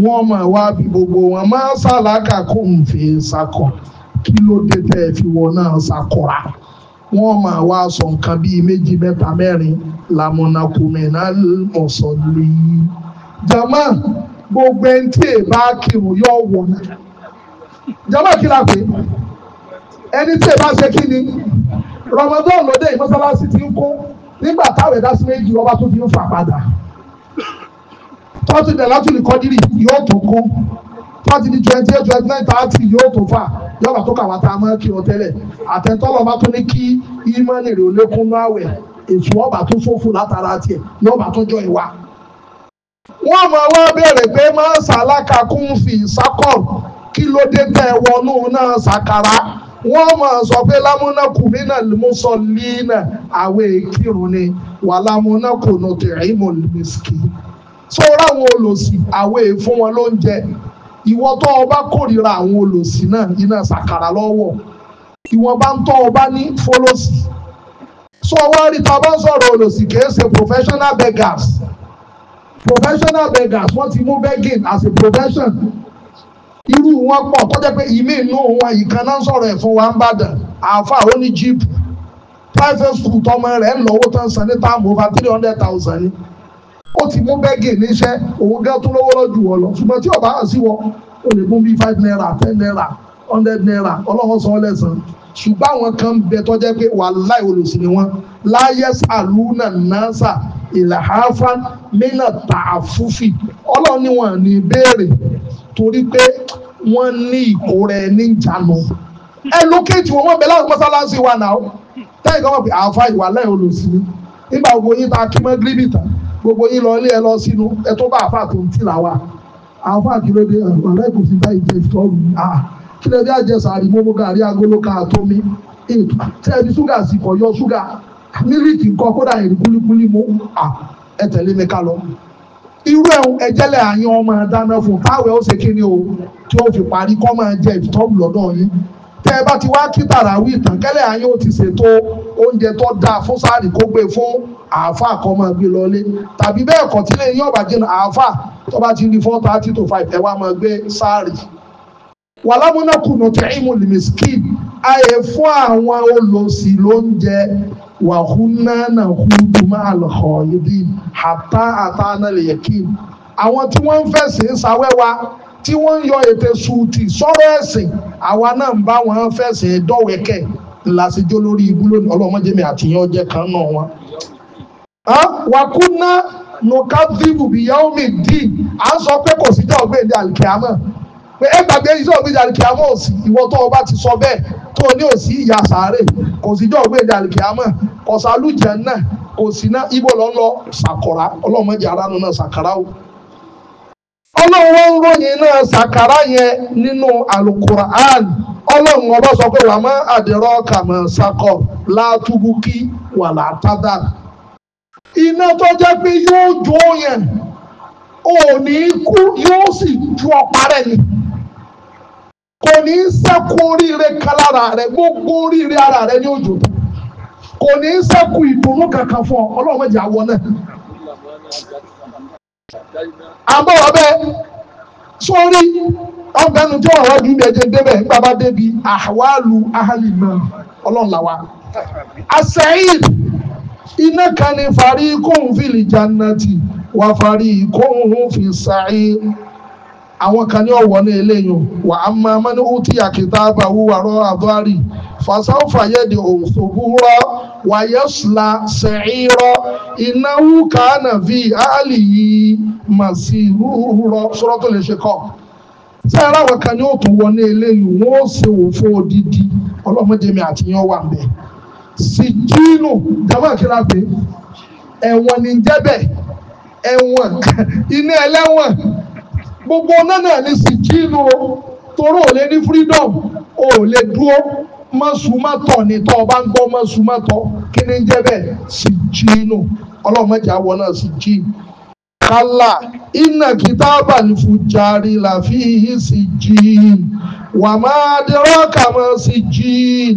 wọ́n mọ̀ wá bí gbogbo wọn máa ń sàlákà kó ń fi sakọ̀ kí ló dé tẹ́ ẹ fi wọ́n náà sakọ̀ra wọ́n mọ̀ wá sọ nǹkan bíi méjì mẹ́ta mẹ́rin làmúnakùnmẹ́nà mọ̀sọ̀lì jama gbogbo ẹni tí èèbá kírun yọ wọ̀ náà jama kí la pè é ẹni tí ẹ bá ṣe kí ni Ramadan lóde ìmọ̀sálásí ti ń kó nígbà táwọn ẹ̀dá sí méjì ọba tó fi ń fà padà tọ́tù dẹ̀ látùlù kọ́dírì yóò tó kó tọ́tù di twenty eight twenty nine thirty yóò tó fà yọ̀bà tó kà wá tá a máa kí ọ tẹ́lẹ̀ àtẹ̀tọ́lọ̀ bá tó ní kí ìmọ̀lẹ̀ rẹ̀ olékún náà wẹ̀ èso ọba tó fòfò látara tiẹ̀ yọ̀bà tó jọ ìwà. wọ́n mọ̀ wá bẹ̀rẹ̀ pé máa ń sàlákà kún fi sákọ̀ kí ló dé tẹ̀ wọnú náà sàkàrà wọ́n máa sọ pé lámúná kùmínà lùmúsọ líínà àwẹ̀ kírun ni wà lámúná kùnà tẹ̀rímù lùmísìkì sọ́ra àwọn olòṣì àwẹ̀ fún wọn lóúnjẹ ìwọ tó o bá kórìíra àwọn olòṣì náà iná sàkàrà lọ́wọ́ ìwọ̀n bá ń tọ́ ọ ní fọlọ́sì sọ wá rí ta bá ń sọ̀rọ̀ olòṣì ṣe professional beggars professional beggars wọ́n ti mú begging as a profession irú wọn pọ̀ kọjá pé ìmí inú wọn ìkan náà sọ̀rọ̀ ẹ̀ fún wa ń bàdàn àáfà ó ní jíìpù private school tọmọ rẹ̀ ń lọ́wọ́ tán san ní táàmù over three hundred thousand ni ó ti mú bẹ́gì níṣẹ́ òun gán tó lówó lọ́jù wọ lọ ṣùgbọ́n tí ọba hàn sí wọ ó lè mú bíi five naira ten naira hundred naira ọlọ́wọ́ san ọlẹ́sàn ṣùgbọ́n àwọn kan bẹ tọ́jẹ́ pé wàhálà ìwòlòsì ni wọ́n láyẹ̀sà lúnà náà sà ìlàháfá mílà tààfúfì ọlọ́run ni wọ́n ní béèrè torí pé wọ́n ní ìkórè ní ìjànà ẹ lókèjì wọn wọn bẹ láti mọ́sálásí wa náà táyì kan wọ́n pè àáfà ìwà lẹ́yìn olùsí nígbà gbogbo yín bá kí mọ́ gíríbìtà gbogbo yín lọ ilé ẹ lọ sínú ẹ tó bá àáfà tó ń tì làwà àáfà kìlódé ọ̀rẹ́ kò sí báyìí jẹ́ ìtọ́rù kìlódé àjẹsà àrímọ́mọ́ gàrí agolo ká àtọ́mí ètò tẹ́ẹ̀dì sì kọ̀ yọ ṣúgà mílíkì nǹkan kódà èrè kúlíkúlí mú à ẹ tẹ̀lé mi ká lọ. irú ẹ̀ ẹjẹ́lẹ̀ àyàn ọmọ dáná fún táwọn ẹ̀ ó ṣe kíni o tí ó fi parí kọ́ máa jẹ ìtọ́bù lọ́dọ̀ yín. tẹ́ ẹ bá ti wá kí tàràwí ìtàn kẹ́lẹ̀ àyàn ó ti ṣètò oúnjẹ tó dáa fún sáàrì kó gbé fún àáfàá kọ́ máa gbé lọlé tàbí bẹ́ẹ̀ kọ́ tí lẹ́yìn ọ̀bà jẹ́ àáfàá tó bá ti di four thirty to five ẹ̀ wá máa gbé sáàrì. wàlámúnákùnà tẹ́ ìmùlùmí skin àyè fún àwọn olòṣì lóúnjẹ wàhúnná náà húdù máa lọ ọ̀ yìí àtà àtà náà lè yẹ kí àwọn tí wọ́n ń fẹ̀sìn sáwẹ́wà tí wọ́n ń yọ ètè sùútì sọ́rọ̀ ẹ̀sìn àwa náà ń bá wọn fẹ̀sìn dọ́wẹ́kẹ̀ làṣíjó lórí ibú lónìí ọlọ́mọdémi àtìyàn ọjẹ́ kan náà wọn. wàkúnná nùkà dìbò bìyàwó mi dì à ń sọ pé kò síjọ́ ọ̀gbìn ní àlìkíámọ̀ pé ẹ gbàgbé ìjọ́ ọ̀gbìn ní òsì ìwọ tó ti sọ bẹ́ẹ̀ tó ní òsì ìyá sàárè kò síjọ́ ògbé ìdàlùkìámọ̀ kò sálùjẹ náà kò sí ná ibo lọ lọ sàkọ̀rà ọlọ́mọdé aránu náà sàkàrà o. ọlọ́run wọn ń ròyìn náà sàkàrà yẹn nínú alukur'an ọlọ́run ọba sọ pé wàá má àdìrọ́ kàmọ́ sàkọ̀ látúbùkí wà látàdà. iná tó jẹ́ pé yóò jó yẹn òní kú yóò sì ju ọ̀parẹ́ yìí kò ní í sẹ́kù oríire kan lára rẹ gbogbo oríire ara rẹ ní òjò kò ní í sẹ́kù ìdùnnú kankan fún ọ ọlọ́run mẹ́jọ àwọ̀ náà. àmọ́ ọbẹ̀ sórí ọgbẹ́nu tí wọ́n wá ju ilé débẹ̀ nígbà bá débi àwálù ahàlì náà ọlọ́run làwà. àṣẹyìn iná kan ní farí kóhùn fìlì jannati wà farí kóhùn fi àwọn kan ní ọ̀wọ́ ní eléyìí wà á máa mọ́ ní útí àkìtàbà wúwarọ́ àbúrárì fàṣàfà yẹ́dì òṣòwúrọ́ wàyẹ́sùlá sẹ̀ẹ́rọ́ ìnáwó kàánà bí àálì yìí mà sí rúrọ́ sọ́rọ́ tó lè ṣe kọ́. sẹ́yìn àwọn kan ní òtún wọ ní eléyìí wọ́n ó ṣe òfò odidi ọlọ́mọdémi àtìyàn wà ń bẹ̀. sìjínù jàmbá kíra pé ẹ̀wọ̀n ní jẹ́bẹ̀ ẹ̀wọ̀n iná ẹlẹ́wọ̀n gbogbo náà náà ní sìjìnnù o torí ò lè ní freedom ò lè dúró mọ́sùmátọ̀ ni tọ́ ọba ń gbọ́ mọ́sùmátọ̀ kí ni ń jẹ́ bẹ́ẹ̀ sìjìnnù ọlọ́mọdé àwọn náà sìjìnnù kálá iná kìtàbà ní fújàrí làfi sí jíìn wà máa dẹrọ kàmọ sí jíìn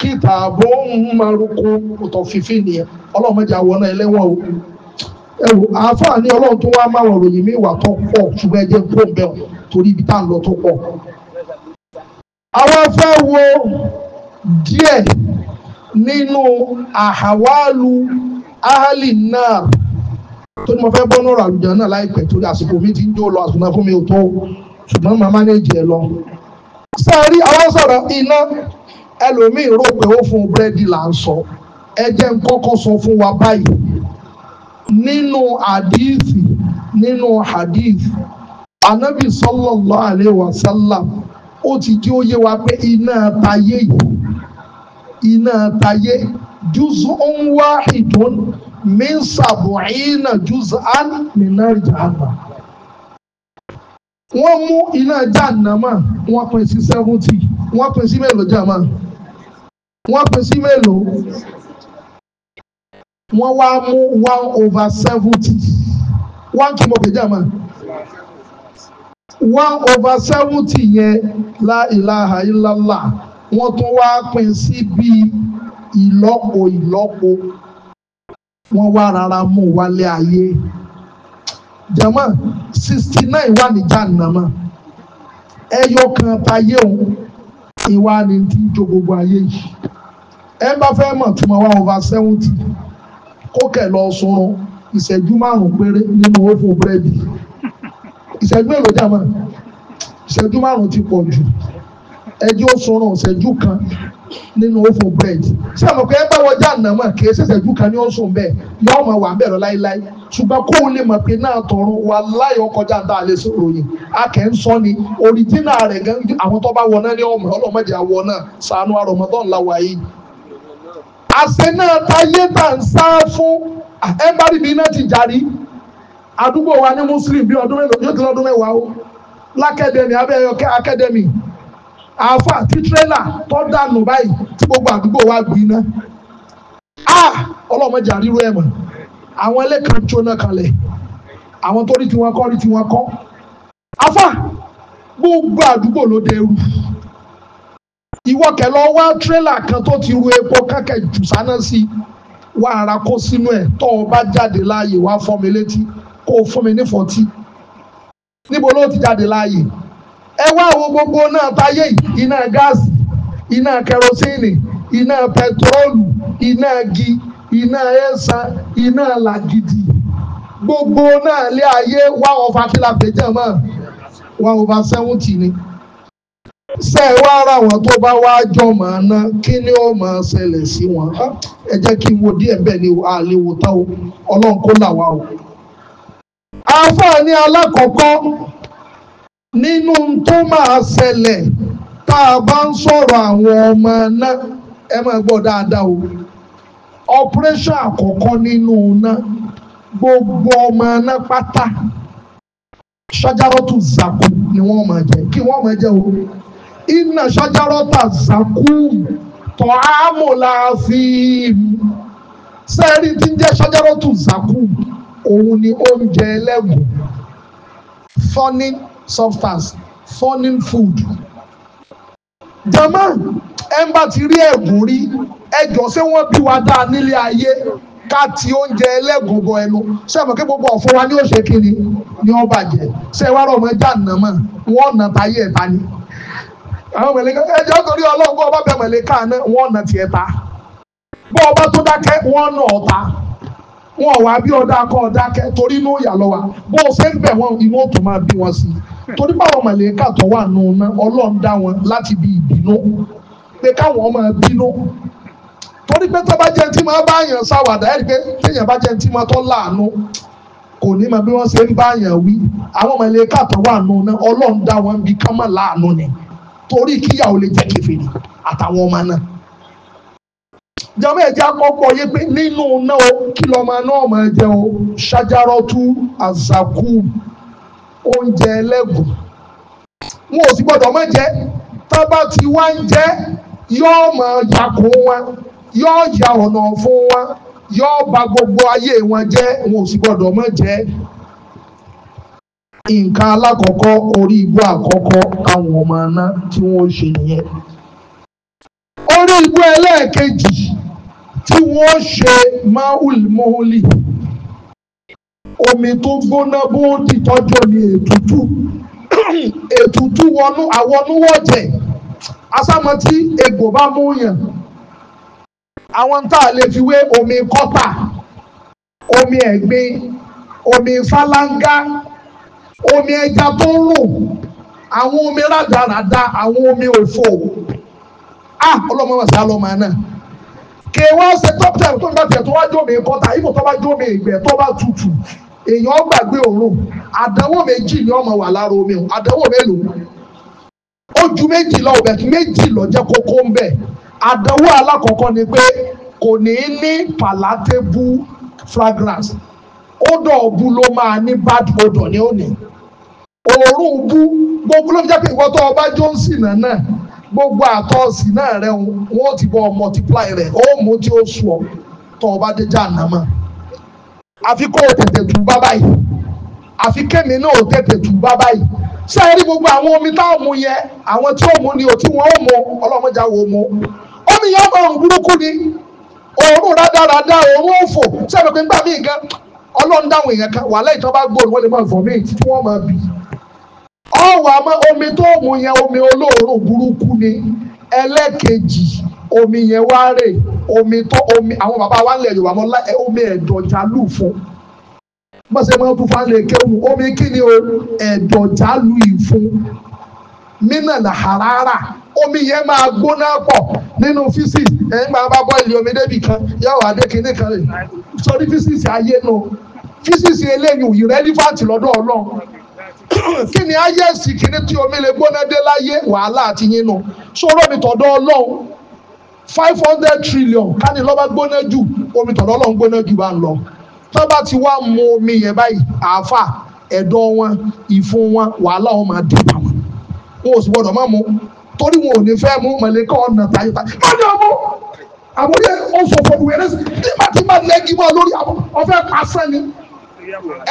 kìtàbó ń marukú tó nìyẹn ọlọ́mọdé àwọn náà ẹlẹ́wọ̀n o ẹwù àáfàá ní ọlọ́run tó wá máa wọ̀ ròyìn mí wà tó pọ̀ ṣùgbọ́n ẹjẹ́ kó bẹ̀ ọ́ torí ibi tá à ń lọ tó pọ̀. àwa fẹ́ wo díẹ̀ nínú àhàwálù ahali náà tó ní mo fẹ́ bọ́ nọ́ọ̀rọ̀ àlùjá náà láìpẹ́ torí àsìkò mi ti ń jó lọ àsìkò náà fún mi ò tó ṣùgbọ́n màá mánéèjì ẹ lọ. sáré àwọn sọ̀rọ̀ iná ẹlòmíì rò pé ó fún búrẹ́dì là ń sọ ẹ jẹ́ ń kọ́kọ́ sọ fún wa báyìí nínú hadithi nínú hadith anabi sallallahu alayhi wa sallam ó ti jí ó yé wa pé iná tayé iná tayé juz'un wahidun min sabu'ina juz'an min nar jahannam wọ́n mú iná jahannama wọ́n pín sí seventy wọ́n pín sí mélòó jahannama wọ́n pín sí mélòó wọ́n wá mú one over seventy one kí mo máa one over seventy yẹn la ilaha illallah wọ́n tún wá pín sí bíi ìlọ́po ìlọ́po wọ́n wá rárá mú wálé ayé jama sixty nine wà ní jàǹnàmà ẹyọ kan táyé òun ìwà ni ti ń jó gbogbo ayé yìí ẹ bá fẹ́ mọ̀ tí mo wá over seventy kó kẹ̀ lọ sunrun ìṣẹ́jú márùn-ún péré nínú ófò búrẹ́dì ìṣẹ́jú èlò jàmọ́ ìṣẹ́jú márùn-ún ti pọ̀ jù ẹjọ́ ó sunrun ìṣẹ́jú kan nínú ófò búrẹ́dì sábà pé ẹ bá wọ jáàná mọ̀ kí ẹsẹ̀ ìṣẹ́jú kan ní ọ̀sùn bẹ́ẹ̀ yóò máa wà bẹ́ẹ̀ lọ láíláí ṣùgbọ́n kó o lè mọ̀ pé náà tọrun wà láyọ̀ kọjá tá a lè sọ̀rọ̀ yìí a kẹ́ ń sọ ni oríjìnà rẹ̀ gan àwọn tó bá wọ náà ní ọmọ ọlọ́mọdé àwọ náà sànú àrọ̀mọdọ́ńlá wáyé àṣẹ náà táyé tà ń sá fún ẹ mi iná ti jàrí àdúgbò wa ní muslim bí ọdún mélòó yóò ti lọ́dún mẹ́wàá o lákẹ́dẹ̀mí abẹ́yọ akẹ́dẹ̀mí àáfà tí tírélà tó dànù báyìí tí gbogbo àdúgbò wa gbiná a ọlọ́mọdé àríwó ẹ̀mọ̀ àwọn ẹlẹ́kan jóná kalẹ̀ àwọn tó rí tiwọn kọ́ rí tiwọn kọ́ afa gbogbo àdúgbò ló dẹrù ìwọ kẹlọ wá tírélà kan tó ti ru epo kankan jù sáná sí wá ara kó sínú ẹ̀ tó o bá jáde láàyè wá fọ́ mi létí kó o fún mi ní fọ́tí níbo ló ti jáde láàyè ẹ wá wo gbogbo náà táyé iná gáàsì iná kẹrosíìnì iná pẹtrólù iná igi iná ẹ̀sà iná làgìdì gbogbo náà lé ayé wá ọ̀fà kí la pè jẹ́ mọ́ one over seventy ni. ṣe ẹ wá ara wọn tó bá wá jọ màá ná kí ni ó máa ṣẹlẹ̀ sí wọn ẹ jẹ́ kí n wo díẹ̀ bẹ́ẹ̀ ni àlewo tán o ọlọ́run kó là wá o. àǹfààní alákọ̀ọ́kọ́ nínú tó máa ṣẹlẹ̀ tá a bá ń sọ̀rọ̀ àwọn ọmọ náà ẹ máa gbọ́ dáadáa o operation àkọ́kọ́ nínú iná gbogbo ọmọ iná pátá ṣájárọ́tù zàkú ni wọ́n máa jẹ kí wọ́n máa jẹ o. iná ṣájárọ́tà zakum tọ́hámù láàfin sẹ́ẹ̀rí tí ń jẹ́ ṣájárọ́tù zakum òun ni oúnjẹ ẹlẹ́gùn foreign substance foreign food jama ẹ bá ti rí ẹ̀gùn rí ẹjọ́ ṣé wọ́n bí wa dáa nílé ayé ká ti oúnjẹ ẹlẹ́gùn bọ ẹnu ṣé àmọ́ kí gbogbo ọ̀fọ́ wa ní òṣèkiri ni wọ́n bàjẹ́ ṣé wàá rọ̀ ọmọ ẹja nàmọ́ wọ́n nà táyé ẹ̀ta ni. àwọn ẹjọ́ torí ọlọ́run bọ́ ọba bẹ wẹ̀lẹ̀ káà náà wọn nà tiẹ̀ ta bọ́ ọba tó dákẹ́ ọ̀ta wọn wà bí torí bó o bẹ̀ wọn torí báwọn tó wà nù ná ọlọ́run wọn láti bí ìbínú pé káwọn bínú torí pé jẹ́ bá yàn sáwàdà kò ní bí wọ́n ṣe ń bá yàn wí àwọn torí kíyà ò lè jẹ́ kèfèrí àtàwọn ọmọ náà jàmọ́ ẹ̀jẹ̀ akọ́kọ́ yé pé nínú náà kí lọ́mọ náà mọ̀ ẹ́ jẹun ṣájárọ́tú àzàkú oúnjẹ ẹlẹ́gùn wọn ò sì gbọ́dọ̀ mọ̀ jẹ́ tábà tí wá ń jẹ́ yóò mọ̀ yakùn wọn yóò ya ọ̀nà fún wọn yóò bà gbogbo ayé wọn jẹ́ wọn ò sì gbọ́dọ̀ mọ̀ jẹ́ nǹkan alákọ̀ọ́kọ́ orí ibú àkọ́kọ́ àwọn ọmọ aná tí wọ́n ṣe nìyẹn orí ibú ẹlẹ́ẹ̀kejì tí wọ́n ṣe máhùlmọ́hùlì omi tó gbóná bóódì tọ́jọ́ ní ètùtù ètùtù wọnú àwọnúwọ̀jẹ̀ asámọ tí egbò bá mú yàn àwọn tá a lè fi wé omi kọ́tà omi ẹ̀gbin omi fálángá omi ẹja tó ń rò àwọn omi rádaràda àwọn omi òfò ah ọlọ́mọ sá lọ́mọ náà ṣe tó ń bá tiẹ̀ tó wá jómi kọ́ta ibò tó bá jómi ìgbẹ́ tó bá gbàgbé àdánwò méjì ni ọmọ wà lára omi o àdánwò mélòó lọ méjì lọ kókó ń àdánwò ni pé kò ní ní palatable fragrance odò ló òórùn bú gbogbo ló fi jẹ́ pé ìwọ tó ọba johnson náà gbogbo àtọ́sí náà rẹ wọn ti bọ multiply rẹ ó mú tí ó sùọ tó ọba dé jàǹdàmọ́ àfi kó o tètè tù bá báyìí àfi kémi náà o tètè tù bá báyìí ṣé ẹ rí gbogbo àwọn omi táwọn mu yẹ àwọn tí ó mu ni ò tí wọn ó mu ọlọ́mọdé àwọn ò mu omi yẹn ọmọ òun burúkú ni òórùn rádaràda òórùn òfò sẹ́nu pé ń gbà mí nǹkan ọlọ́run dáhùn èèyàn kan wàhálà ìtọ́ bá gbòòrùn wọn lè máa vomit tí wọ́n máa bì í ọ̀wọ́ àmọ́ omi tó mu yẹn omi olóòórùn burúkú ni ẹlẹ́kejì omi yẹn wá rè omi tó omi àwọn bàbá wa yorùbá mọ́ omi ẹ̀dọ̀jà lù fún omi kí ni o ẹ̀dọ̀jà lù ìfún mínà làhárárà omi yẹn máa gbóná pọ̀ nínú physics ẹ̀yin máa bá bọ́ọ̀lì omi kan yàwó adékiní kan kí ni ayẹ́sì kìíní tí omi lè gbóná dé láyé wàhálà àti yín nu sọ̀rọ̀ mi tọ̀dọ̀ ọlọ́run five hundred trillion káni lọ́ba gbóná jù omi tọ̀dọ̀ ọlọ́run gbóná jù bá ń lọ tọ́ba ti wá mu omi yẹn báyìí àáfà ẹ̀dọ̀ wọn ìfun wọn wàhálà wọn máa dé bá wọn wọn ò sì gbọdọ̀ má mu torí wọn ò ní fẹ́ mú mọ̀lẹ́kọ̀ ọ̀nà tayọ̀tà má ní ọmọ àbúrò ọ̀fọ̀fọ̀ wẹ̀rẹ̀ sí nígbà tí má lẹ́gí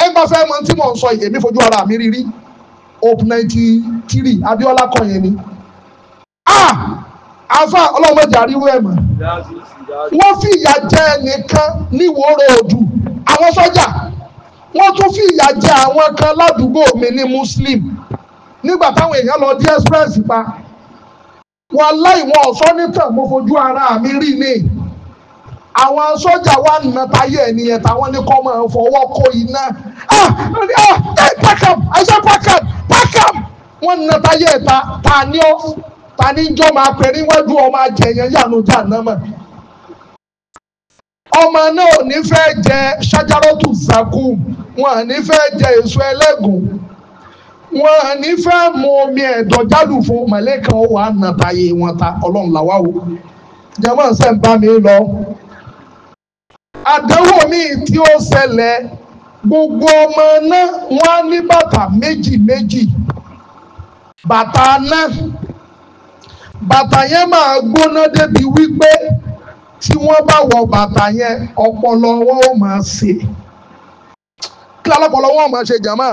ẹ gbọ́ fẹ́ mọ tí mò sọ yìí fojú ara mi rí rí hope ninety three Abíọ́lá kọ yẹn ni ah ọlọ́mọ ẹ̀jẹ̀ àríwá ẹ̀ mọ̀ wọ́n fi ìyà jẹ ẹnìkan níwòrò òdù àwọn sọ́jà wọ́n tún fi ìyà jẹ àwọn kan ládùúgbò mi ní muslim nígbà táwọn èèyàn lọ di express pa wàláì wọn ọ̀sọ́ nítàn mo fojú ara mi rí ni àwọn sójà wà nínú táyé ẹnìyẹn táwọn ní kọ́ máa fọwọ́ kó iná ah ah ẹ pàkàm àìsàn pàkàm pàkàm wọn nínú táyé ẹ ta ta ni ọ ta ni jọ máa pè níwájú ọmọ ajẹyẹn yànnú jà náà mọ ọmọ náà ò ní fẹ́ jẹ ṣájárọ́tù zakum wọn à ní fẹ́ jẹ èso ẹlẹ́gùn wọn à ní fẹ́ mu omi ẹ̀dọ̀ jálù fún mọ̀lẹ́kan ó wà á nà táyé wọn ta ọlọ́run làwa o jẹ́wọ́n sẹ́ ń bá mi lọ àdánwò míì tí ó ṣẹlẹ̀ gbogbo ọmọ náà wọ́n á ní bàtà méjì méjì bàtà náà bàtà yẹn máa gbóná débi wípé tí wọ́n bá wọ bàtà yẹn ọpọlọ wọn ò máa ṣe kí lọ́pọlọ wọn ò máa ṣe jàmá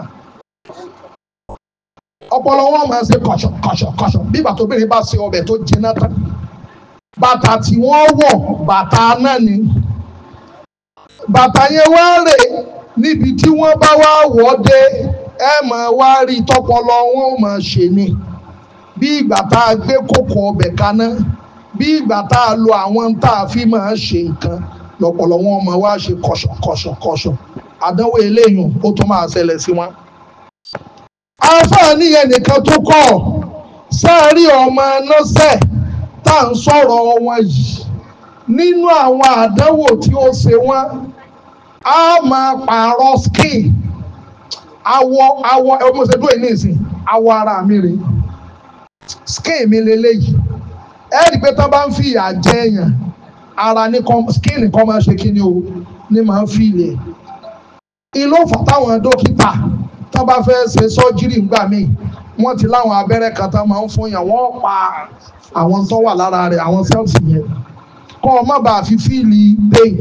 ọpọlọ wọn máa ṣe kọṣọ kọṣọ kọṣọ bí bàtà obìnrin bá ṣe ọbẹ̀ tó jiná tán bàtà tí wọ́n wọ̀ bàtà náà ni bàtà yẹn wá rè níbi tí wọ́n bá wá wọ̀ ẹ máa wá rí tọpọlọ wọn ò ṣe ni bí ìgbà tá a gbé kòkò ọbẹ̀ kaná bí ìgbà tá a lo àwọn tá a fi máa ṣe nǹkan lọ́pọlọ wọn máa wá ṣe kọ̀ṣọ̀kọ̀ṣọ̀kọ̀ṣọ̀ àdánwò eléyìí ó tún máa ṣẹlẹ̀ sí wọn. àǹfààní yẹn nìkan tó kọ́ sáárì ọmọ nọ́sẹ̀ tá à ń sọ̀rọ̀ wọn yìí nínú àwọn àdánwò tí ó ṣe wọ́n a máa pààrọ̀ skin awọ awọ ẹ mo ṣe dúró ní ìsìn awọ ara mi rè skin mi lélẹ́yìí ẹ rí i pé tó bá ń fi ìyà jẹ èèyàn ara ní skin kan máa ṣe kí ni o ní máa ń fi ilẹ̀ ìlú fàtàwọn dókítà tó bá fẹ́ ṣe sọ́jírì ńgbà míì wọ́n ti láwọn abẹ́rẹ́ kan tó máa ń fún yàn wọ́n pa àwọn tó wà lára rẹ̀ àwọn sẹ́ẹ̀sì yẹn kọ́ ọ má bàa fi fíìlì pain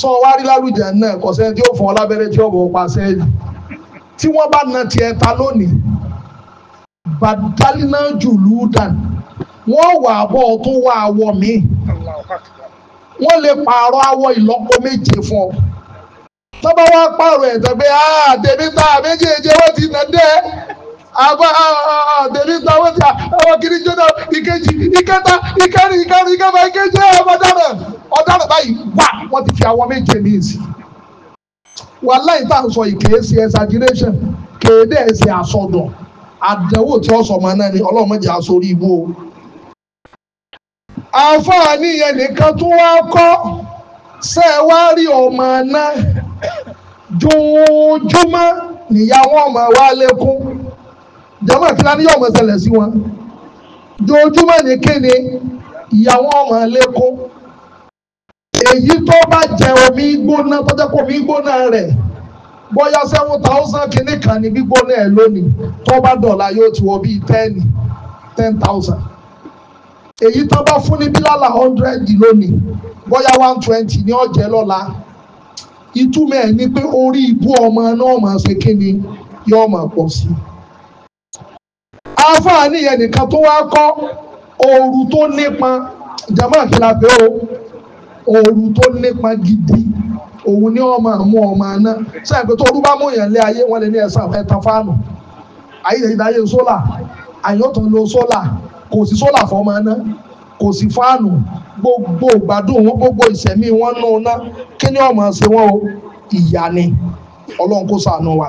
sọ wá rí lálùjá náà kò sẹ́ni tí ó fún ọ lábẹ́rẹ́ tí ọ̀bọ̀ pa sẹ́yìn tí wọ́n bá na tiẹ̀ ta lónìí bàdálínà jùlù dàn wọ́n wà bọ́ ọ tó wá awọ mi wọ́n lè pààrọ̀ awọ ìlọ́po méje fún ọ tọ́ba wá pààrọ̀ ẹ̀ tẹ́gbẹ́ àtẹ̀mí ta méjèèjì wọ́n ti nà dé àgbà àbẹ̀mí gba owó tí a ọmọ kiri jóná ìkejì ìkẹta ìkẹrin ìkẹrin ìkẹfà ìkejì ọmọ ọ̀daràn ọ̀daràn báyìí wà wọ́n ti fi àwọn méje mi sí. wàláì tá à ń sọ yìí kèé sí exaggeration kèé dẹ́ ẹ̀ sí àsọdọ̀ àdánwò tí ó sọ ọmọ náà ni ọlọ́mọdé aṣọ orí ibú o. àǹfààní yẹn nìkan tún wá kọ́ ṣe é wá rí ọmọ náà jójúmọ́ nìyá wọn máa wá lékún jama kila ni yóò mọ ṣẹlẹ̀ wọn jojúmọ́ ni kéde ìyàwó ọmọ lẹ́kọ́ èyí tó bá jẹ omi gbóná tó jẹ́ kó omi gbóná rẹ̀ bóyá seven thousand kìíní kan ní gbígbóná ẹ̀ lónìí tó bá dọ̀la yóò ti wọ bíi ten ten thousand èyí tó bá fún ní bílálà hundred lónìí bóyá one twenty ní ọ̀jẹ̀ lọ́la ìtumọ̀ ẹ̀ ni pé orí ibú ọmọ náà máa ṣe kíni yóò máa pọ̀ sí i àáfàá nìyẹn nìkan tó wá kọ́ ooru tó nípọn jama kìláfẹ́ o ooru tó nípọn gidi òun ni ọmọ àmú ọmọ àná sẹ́yìn pé tó orú bá mú yàn lé ayé wọn lè ní ẹ̀sán ẹ̀ta fáànù ayédèyídáyé sólà àyọ̀tàn lo sólà kò sí sólà fọmọ àná kò sí fáànù gbogbo gbádùn wọn gbogbo ìṣẹ̀mí wọn nù ná kí ni ọmọ ṣe wọn o ìyá ni ọlọ́run kó ṣàánú wa.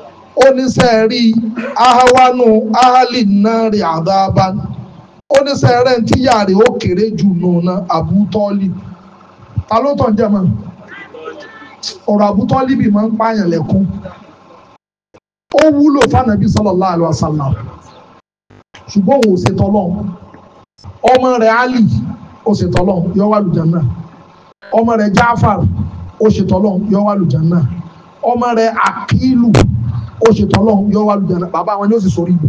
oníṣẹ́ ahawanu ahali náà rí àdáàbá oníṣẹ́ o yàrá ó kéré jù nùnà àbútọ́lì ta ló tàn ọ̀rọ̀ àbútọ́lì bì máa ń pààyàn lẹ́kún ó wúlò fànàbí sallallahu alaihi ṣùgbọ́n òun ọmọ rẹ̀ ali ó ṣe tọ́lọ́ lùjánà ọmọ rẹ̀ jáfàr ó ṣe tọ́lọ́ lùjánà ọmọ rẹ̀ akílù ó ṣe tọ́lọ́hún yọ wá lùjẹ́ náà bàbá wọn ni ó sì sórí ibù.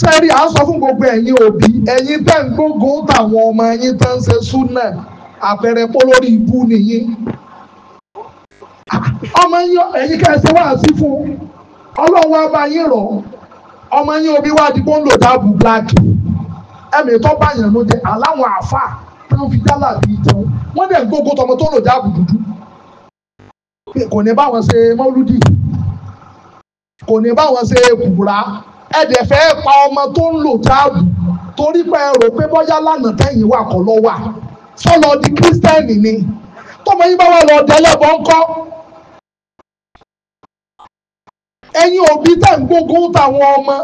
sẹ́rí à ń sọ fún gbogbo ẹ̀yin òbí ẹ̀yin tẹ́ ń gbógo táwọn ọmọ ẹ̀yin tẹ́ ń ṣe súnà àpẹẹrẹ pọ́ lórí ibú nìyí. ọmọ yín ẹ̀yin ká ẹsẹ̀ wá sí fún ọlọ́run wá bá yín rọ̀ ọmọ yín òbí wá dìbò ń lò black ẹ̀mí tó bá yàn ló jẹ aláwọn àáfà pé ó fi jálà bíi jẹun wọ́n dẹ̀ gbógo tọmọ tó lò dáàbò dúdú kò ní báwọn ṣe mọ́lúdì kò ní báwọn ṣe kùrà ẹ̀dẹ̀ fẹ́ pa ọmọ tó ń lò táàbù torí pé ẹ rò pé bọ́yá lánàá tẹ̀yìn wà kọ́ lọ́ wà sọ́lọ́ di kírísítẹ́nì ni tọ́mọ yín bá wà lọ dẹ́lẹ́bọ̀ ńkọ́ ẹ̀yin òbí tẹ̀ ń gbógun táwọn ọmọ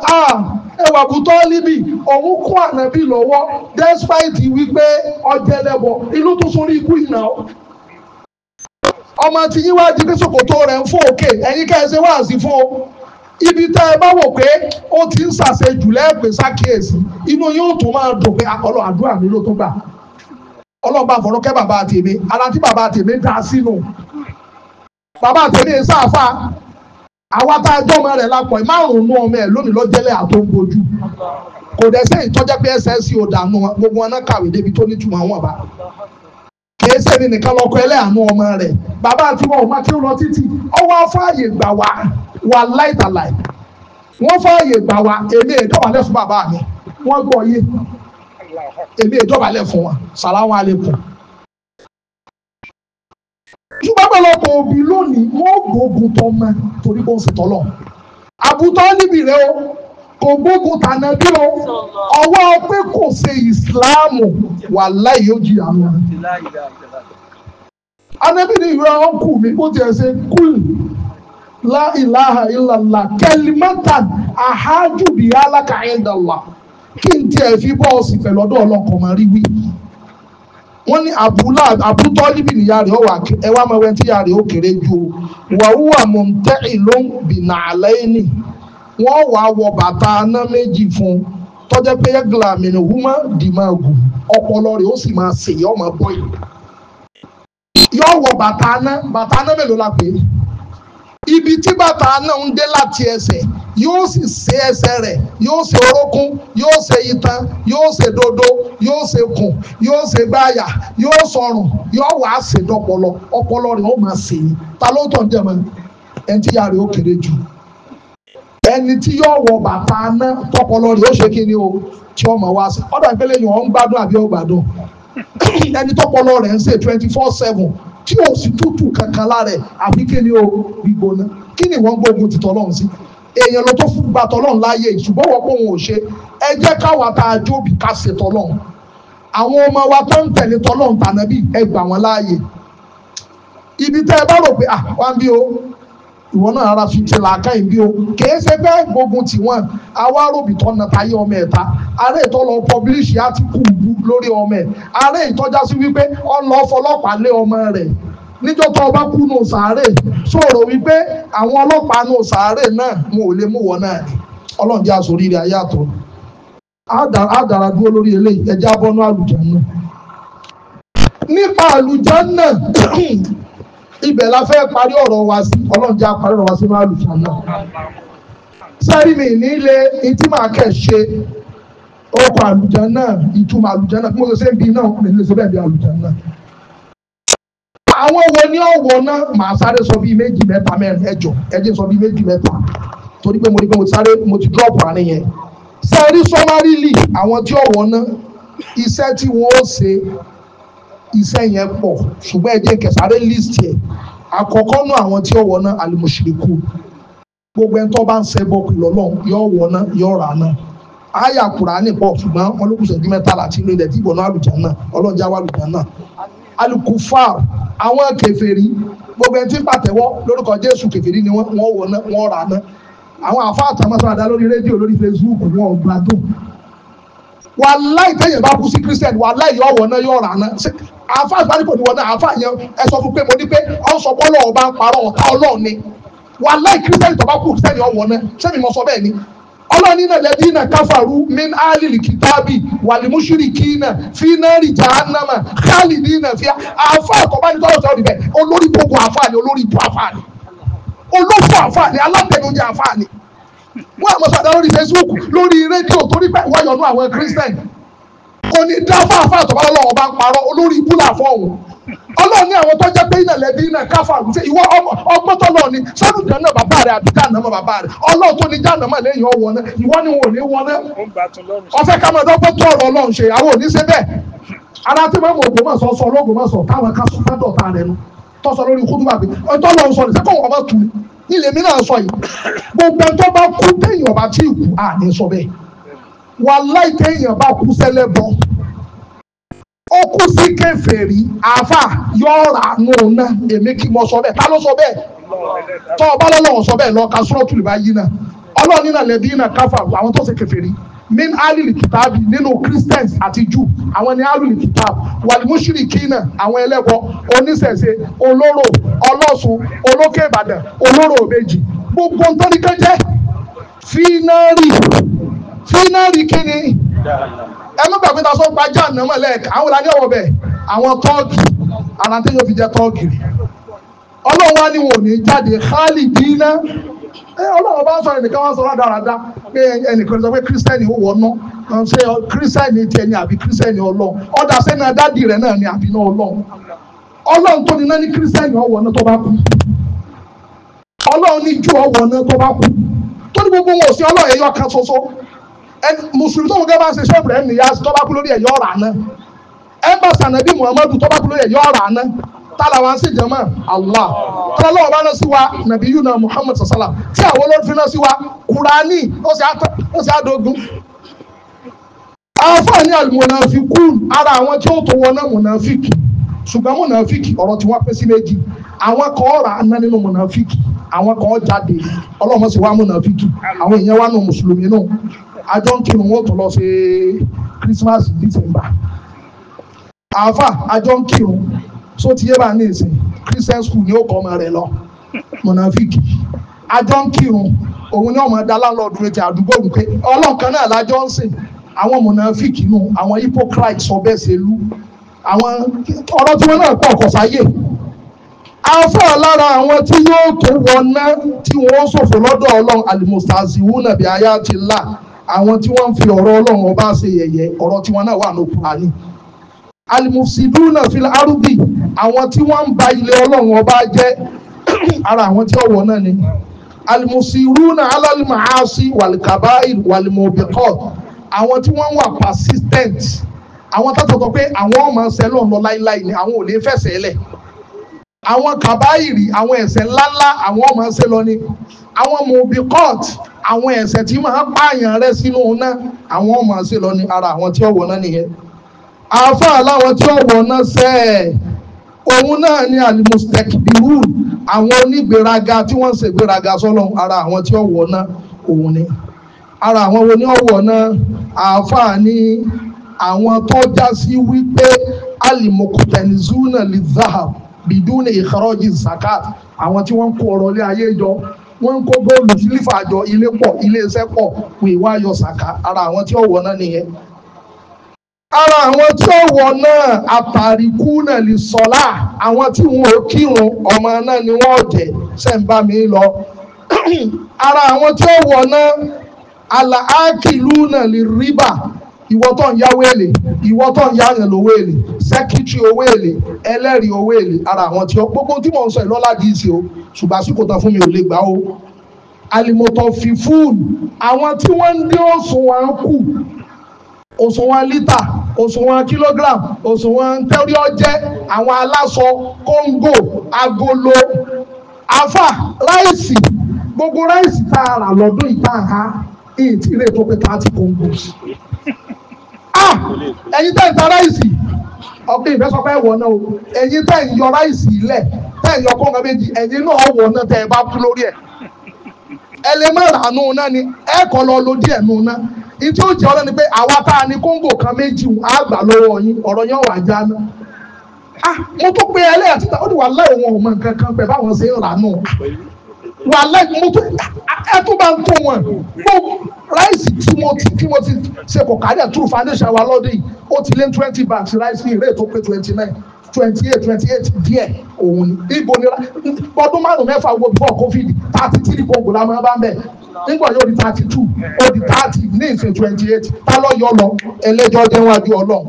ẹwà bùtọ́ líbi òun kún ànábì lọ́wọ́ despite wípé ọ̀jẹ̀lẹ̀bọ̀ inú tó sórí ikú ìnà ọmọ tí yín wá di pé ṣòkòtò rẹ̀ ń fò òkè ẹ̀yin kẹ́ ẹ ṣe fún o ibi tẹ́ ẹ bá wò pé ó ti ń ṣàṣejù lẹ́ẹ̀pẹ́ ṣàkíyèsí inú yóò tún máa dùn pé akọlọ ah, àdúrà mi ló tún gbà ọlọ́gbà fọlọ́kẹ́ bàbá àtẹ̀mí ara bàbá àtẹ̀mí dá sínú bàbá àtẹ̀mí sáfà àwa tá a jọ ọmọ rẹ̀ lápọ̀ márùn-ún ọmọ ẹ̀ lónìí lọ́jẹ́lẹ̀ àtọ́gbójú kò dẹ̀ sẹ́yìn tọ́jẹ́ pé ssc ò dànù gbogbo wọn náà kàwé débi tó nítumọ̀ àwọn ọba kìí sẹ́ni nìkan lọ́kọ ẹlẹ́àánú ọmọ rẹ̀ bàbá àtìmọ̀ ọ̀ma tí lọ títì ọwọ́ afọ àyè gbà wá wà láìtàláì wọ́n fààyè gbà wá èmi ìdọ̀bálẹ̀ fún bàbá mi wọ́n gbọ́ yé èmi ìdọ̀bálẹ̀ fún wa sàláwọ́ àlékún. ṣùgbọ́n pẹ̀lọpọ̀ òbí lónìí wọ́n gbógun tọ́ mọ́ torí kó ń fi tọ́lọ̀ àbútọ́ níbi rẹ o kò gbógun tànà bí o ọwọ́ pé kò ṣe ìsìláàmù wà láì yóò jìyà mọ́. anábìrin ìwé ọkùnrin mi bó tiẹ̀ ṣe kúlù. láìláha ìlàlá kẹlímátàn àhájú bí aláka ìdàlá kí n tiẹ̀ fi bọ́ọ̀sì pẹ̀lú ọdún ọlọ́kọ̀ máa rí wí. wọ́n ní àbúlá àbútọ́líbì níyà rẹ̀ ọ̀wà ẹwà mẹ́wẹ́ tí yà rẹ̀ ó kéré ju wàhùwà mọ̀ntẹ́ ìlú bìnà àlẹ́yìnì wọ́n wà wọ bàtà aná méjì fún tọ́jẹ́ pé yẹ́gìlá mìíràn húmá dì máa gùn ọpọlọ rẹ̀ ó sì máa sèyí ọmọ bọ́yì. yọ wọ bàtà aná bàtà aná mélòó la pè é ibi tí bàtà náà ń dé láti ẹsẹ̀ yóò sì ṣe ẹsẹ̀ rẹ̀ yóò ṣe orókún yóò ṣe itan yóò ṣe dodo yóò ṣe kùn yóò ṣe gbáyà yóò sọrùn yóò wà á ṣe dọpọlọ ọpọlọ rẹ̀ ó máa ṣe ta ló tàn jẹ mọ ẹni tí yàrá ó kéré jù ẹni tí yóò wọ bàtà náà tọpọlọ rẹ̀ ó ṣe kí ni o tí ọmọ wa ṣe ọdọ ìpínlẹ̀ yìí wọn ń gbádùn àbí ọgbàdùn ẹni tọpọlọ rẹ̀ ń ṣe twenty four seven tí ò sì tútù kankan lára àfi kí ni o gbígbóná kí ni wọ́n gbógun ti tọ́lọ́run sí èèyàn ló tó gba tọ́lọ́run láàyè ṣùgbọ́n wọ́n kóhun ò ṣe ẹ jẹ́ káwa tá a jóbi ká ṣe tọ́lọ́run àwọn ọmọ wa tó ń tẹ̀lé tọ́lọ́run tànàbí ẹ gbà wọ́n láàyè ibi tẹ́ ẹ bá rò pé ah wá bí o ìwọ náà ara fi ti làákà ìbí o kìí ṣe fẹ́ gbógun tiwọn àwa tó na tayé ọmọ ẹ̀ta ààrẹ ìtọ́ lọ pọ́bílíṣì átíkù lórí ọmọ ẹ̀ ààrẹ ìtọ́já sí wípé ọ̀nà ọ̀fọlọ́pàá lé ọmọ rẹ̀ níjọ́ tó ọba kú nù sàárè sọ̀rọ̀ wípé àwọn ọlọ́pàá nù sàárè náà wọn ò lè mú wọn náà ọlọ́run jẹ́ àsòrí rẹ̀ ayé àtọ́ á dára dúró lórí eléyìí ẹ̀jẹ̀ abọ́nú àlùjá náà nípa àlùjá náà ibẹ̀ la fẹ́ parí ọ̀rọ̀ wa sí ọlọ́run já parí ọ̀rọ̀ wa sí máa lùfà náà sẹ́rí mi nílé etí máa kẹ̀ ṣe ọkọ̀ àlùjá náà ìtumọ̀ àlùjá náà mo ṣe ń bi náà ọkùnrin lè ṣe bẹ́ẹ̀ bí àlùjá náà. àwọn wo ni ọ̀wọ́ náà màá sáré sọ bíi méjì mẹ́ta mẹ́rin ẹ̀jọ ẹ̀jẹ̀ sọ bíi méjì mẹ́ta torí pé mo rí pé mo sáré mo ti drop àárín yẹn sẹ́rí sọ́márìlì àwọn tí ọ̀wọ́ náà iṣẹ́ tí wọ́n ṣe iṣẹ́ yẹn pọ̀ ṣùgbọ́n ẹ jẹ́ kẹsàrẹ́ list yẹn àkọ́kọ́ náà àwọn tí ó wọ̀ náà alimusiriku gbogbo ẹni tó bá ń ṣẹbọ pẹ̀lú Ọlọ́run yóò wọ̀ náà yóò rà náà àyà Kùránì pọ̀ ṣùgbọ́n wọn ló kù sẹ́jú mẹ́tàlá tí ilé tí àlùjá náà ọlọ́jà wà àlùjá náà alukufa àwọn kèfèrí gbogbo ẹni tí ń pàtẹ́wọ́ lórúkọ Jésù kèfèrí ni wọ́n wọ̀ náà wọ́n rà náà àwọn àfa àtàmọ́sọ̀rọ̀ àdá lórí rédíò lórí Facebook wọn ò gbádùn wàláì tẹ̀yẹ̀ bá kú sí christian wàláì yọ̀ wọ̀ náà yọ̀ rà náà àáfà àgbáríkò ni wọ́n náà àáfà yẹn ẹ sọ fún pé mo ní pé ọ̀n sọ pé ọlọ́ọ̀ bá ń parọ́ ọ̀tá ọlọ́ọ̀ ni wàláì christian tó bá kú christian yọ̀ wọ̀ náà sẹ́mi mo sọ bẹ́ẹ̀ ni ọlọ́ọ̀ni náà lẹ́bí náà káfàrú min alìlì kìtàbì wàlímúṣírì kìínà fínárì jahannama khalidi náà fíà àáfà àkọ́bánitọ́lọ́ sọ̀rọ̀ níbẹ̀ olórí gbogbo àáfà ni olórí ibú àáfà ni olófò àáfà ni alábẹ̀dọ́jẹ àáfà ni wọ́n àmọ́ sàdá lórí Facebook lórí rédíò torí pé wọ́n yọ̀nù àwọn Christian kò ní dá fáfá àtọ̀bá ọlọ́run bá ń parọ́ olórí ibú làfọ́ òun ọlọ́run ní àwọn tó jẹ́ pé iná lẹ́bí iná káfà ṣe ìwọ ọgbọ́n tó lọ́ọ̀ ni sẹ́nu dáná bàbá rẹ̀ àbí dáná mọ́ bàbá rẹ̀ ọlọ́run tó ní dáná mọ́ lẹ́yìn ọwọ́ náà ìwọ ni wọn ò ní wọn náà ọfẹ́ ká máa dọ́gbọ́n tó ọ̀rọ̀ ọlọ́run ṣe àwọn ò ní ṣe bẹ́ẹ̀ ara tí mọ́ mọ́ Ògbómọ̀ṣọ́ sọ ológun mọ́ sọ táwọn ká sọ fẹ́ dọ̀tà rẹ̀ nu tọ́sọ lórí kúndùbà bí ọtọ́ lọ́run sọ ní sẹ́kọ̀ọ́ ilé mi náà sọ yìí gbogbo ẹjọ́ bá kú téèyàn bá tí ì kú àní sọ bẹ́ẹ̀ wàláì téèyàn bá kú sẹ́lẹ̀bọ ó kú sí kèfèrí àáfà yọ̀ọ̀rà àánú náà èmi kì í mọ sọ bẹ́ẹ̀ ta ló sọ bẹ́ẹ̀ tọ́ ọba lọ́lọ́wọ́ sọ bẹ́ẹ̀ lọ́ọ́ ka sọ́ọ̀tù lè bá yí náà ọlọ́ọ̀ni náà lẹ́bí náà káfà àwọn tó ṣe kèfèrí min alili kitabi nínú christians àti jew àwọn ni alili kitab wàlúmúṣírì kí náà àwọn ẹlẹ́bọ oníṣẹ̀ṣe olóró ọ̀ṣun olókè ìbàdàn olóró òbejì gbogbo ntọ́nikẹ́ jẹ́ fínárì fínárì kínní ẹ má gbàgbé ta sọ pa jáàmù náà lẹ́ẹ̀kan àwọn ìlànà ọ̀wọ̀ bẹ̀ àwọn tọ́ọ̀kì àlàntẹ́ yóò fi jẹ tọ́ọ̀kì ọlọ́run wá ní wọn ò ní jáde khali dínà ọlọ́run bá ń sọ ẹnìkan wá ń sọ rádaràda pé ẹnìkan sọ pé kírísítẹ́nì ó wọ̀ọ́nà ṣé kírísítẹ́nì tiẹ̀ ni àbí kírísítẹ́nì ọlọ́run ọ̀dà sẹ́ni adádì rẹ̀ náà ni àbí náà ọlọ́run ọlọ́run tó ní náà ní kírísítẹ́nì ọ̀wọ̀ náà tó bá kú ọlọ́run ní ju ọ̀wọ̀ náà tó bá kú tó ní gbogbo wọn ò sí ọlọ́run ẹ̀yọ kan ṣoṣo mùsùlùmí tó ń gẹ́ bá ṣe ṣọ́ọ̀bù rẹ̀ nìyá tó bá kú lórí ẹ̀yọ ọ̀rà náà ẹ̀mbàsì ànábì muhammadu tó bá kú lórí ẹ̀yọ ọ̀rà náà tala wa se jama Allah tala lọ́wọ́ bá náà sí wa nàbí yuna muhammad sasala tí àwọn olórí fi náà sí wa kurani ó sì àdógún àfààní almunafikun ara àwọn tí ó tó wọ náà munafiki ṣùgbọ́n mọ̀nàfíkì ọ̀rọ̀ tí wọ́n pẹ́ sí méjì àwọn kan ọ̀rà aná nínú mọ̀nàfíkì àwọn kan jáde ọlọ́mọ sì wá mọ̀nàfíkì àwọn èèyàn wà nù mùsùlùmí nù àjọ ń kírun wọn tó lọ sí Christmas December àáfà àjọ ń kírun só ti yé bá ní ìsìn Christian school ni ó kọ́ ọmọ rẹ̀ lọ mọ̀nàfíkì àjọ ń kírun òun ni ọmọ dá láńlọ́ọ̀dù rẹ̀ ti àdúgbò wípé ọlọ́ọ̀kan náà lájọ ń sìn àwọn mọ̀nàfíkì nù àwọn hypocrite sọ ṣe lú àwọn ọ̀rọ̀ tí wọ́n náà pọ̀ kọ̀ sáyè afọ́ lára àwọn tí yóò tó wọná tí wọ́n ṣòfò lọ́dọ̀ ọlọ́run alimusaziwu nàbí ayá ti là àwọn tí wọ́n ń fi ọ̀rọ̀ ọlọ́run ọba ṣe yẹ̀yẹ́ ọ̀rọ̀ tí wọ́n náà wà ní Kùránì alimusidu náà fi arúgbì àwọn tí wọ́n ń ba ilé ọlọ́run ọba jẹ́ ara àwọn tí ọ̀wọ́ náà ni alimusiru náà alálìmọ̀ àásì wàlìkàbáì wàlìmọ̀ àwọn tí wọ́n wà persistent àwọn tọ́tọ̀ sọ pé àwọn ọmọ sẹ́lọ̀ lọ láíláí ni àwọn ò lè fẹsẹ̀ lẹ̀ àwọn kàbáyìrì àwọn ẹ̀ṣẹ̀ ńláńlá àwọn ọmọ ṣe lọ ni àwọn mobi court àwọn ẹ̀ṣẹ̀ tí máa pààyàn rẹ sínú ọ̀nà àwọn ọmọ ṣe lọ ni ara àwọn tí ó wọ̀ náà nìyẹn àáfà aláwọ̀ tí ó wọ̀ náà sẹ́ẹ̀ òun náà ni alimustek bihu àwọn onígbéraga tí wọ́n ń ṣe sọ́lọ́ ara àwọn tí ó wọ̀ náà òun ni ara àwọn wo ni ó wọ̀ náà àáfà àwọn tó já sí wípé alimokutanizuna lè zahab bidúni ìkọrọ́jì zakat àwọn tí wọ́n ń kó ọ̀rọ̀ ilé ayé jọ wọ́n ń kó góòlù sílífà àjọ ilé pọ̀ ilé iṣẹ́ pọ̀ pé wá yọ sàká ara àwọn tí ó wọ̀ náà nìyẹn. ara àwọn tí ó wọ̀ náà àtàríkú náà lè sọ́lá àwọn tí wọn ò kírun ọmọ náà ni wọ́n jẹ́ sẹ́ńbà mi lọ. ara àwọn tí ó wọ̀ náà àlàákìlú náà lè ríbà ìwọ tó ń yáwó èlé ìwọ tó ń yáyàn lówó èlé sẹ́kítírì owó èlé ẹlẹ́rìí owó èlé ara àwọn tí ó gbogbo tí mò ń sọ ìlọ́lá di ìsì o ṣùgbọ́n àsìkò tán fún mi ò lè gbà o alimọ̀tọ̀ fi fúùlù àwọn tí wọ́n ń dín òṣùwọ̀n kù òṣùwọ̀n lítà òṣùwọ̀n kilogram òṣùwọ̀n tẹ́rí ọjẹ́ àwọn aláṣọ kóńgò agolo afa ráìsì gbogbo ráìsì tá lọ́dún ìta ha èyí tí ilé tó ti kóńgò. ah ẹ̀yin tẹ̀ ta ráìsì ọ̀pẹ ìfẹ́ sọ o ẹ̀yin tẹ̀ ń yọ ráìsì ilẹ̀ tẹ̀ ń yọ kọ́ńgá méjì ẹ̀yin náà náà ẹ bá kú lórí ẹ náà ni ẹ kọ́ lọ ni pé kan méjì á gbà yín ọrọ yẹn wà já náà ah mo tó pe ó kan báwọn ṣe ń rà wàhálà ìmọ̀tò ẹ̀tún bá ń tó wọn gbogbo ráìsì tí mo ti tí mo ti ṣe kò kárí ẹ̀ true foundation wa lọ́dún yìí ó ti lé twenty bags ráìsì ní ìrètò pé twenty nine twenty eight twenty eight díẹ̀ òun ibo ni ọdún márùn mẹ́fà wo before covid thirty three gbogbo la máa bá ń bẹ̀ nígbà yóò di thirty two ó di thirty ní ìsìn twenty eight tá lọ́ọ́ yọ lọ ẹlẹ́jọ́ dẹ́wọ́n adé ọlọ́run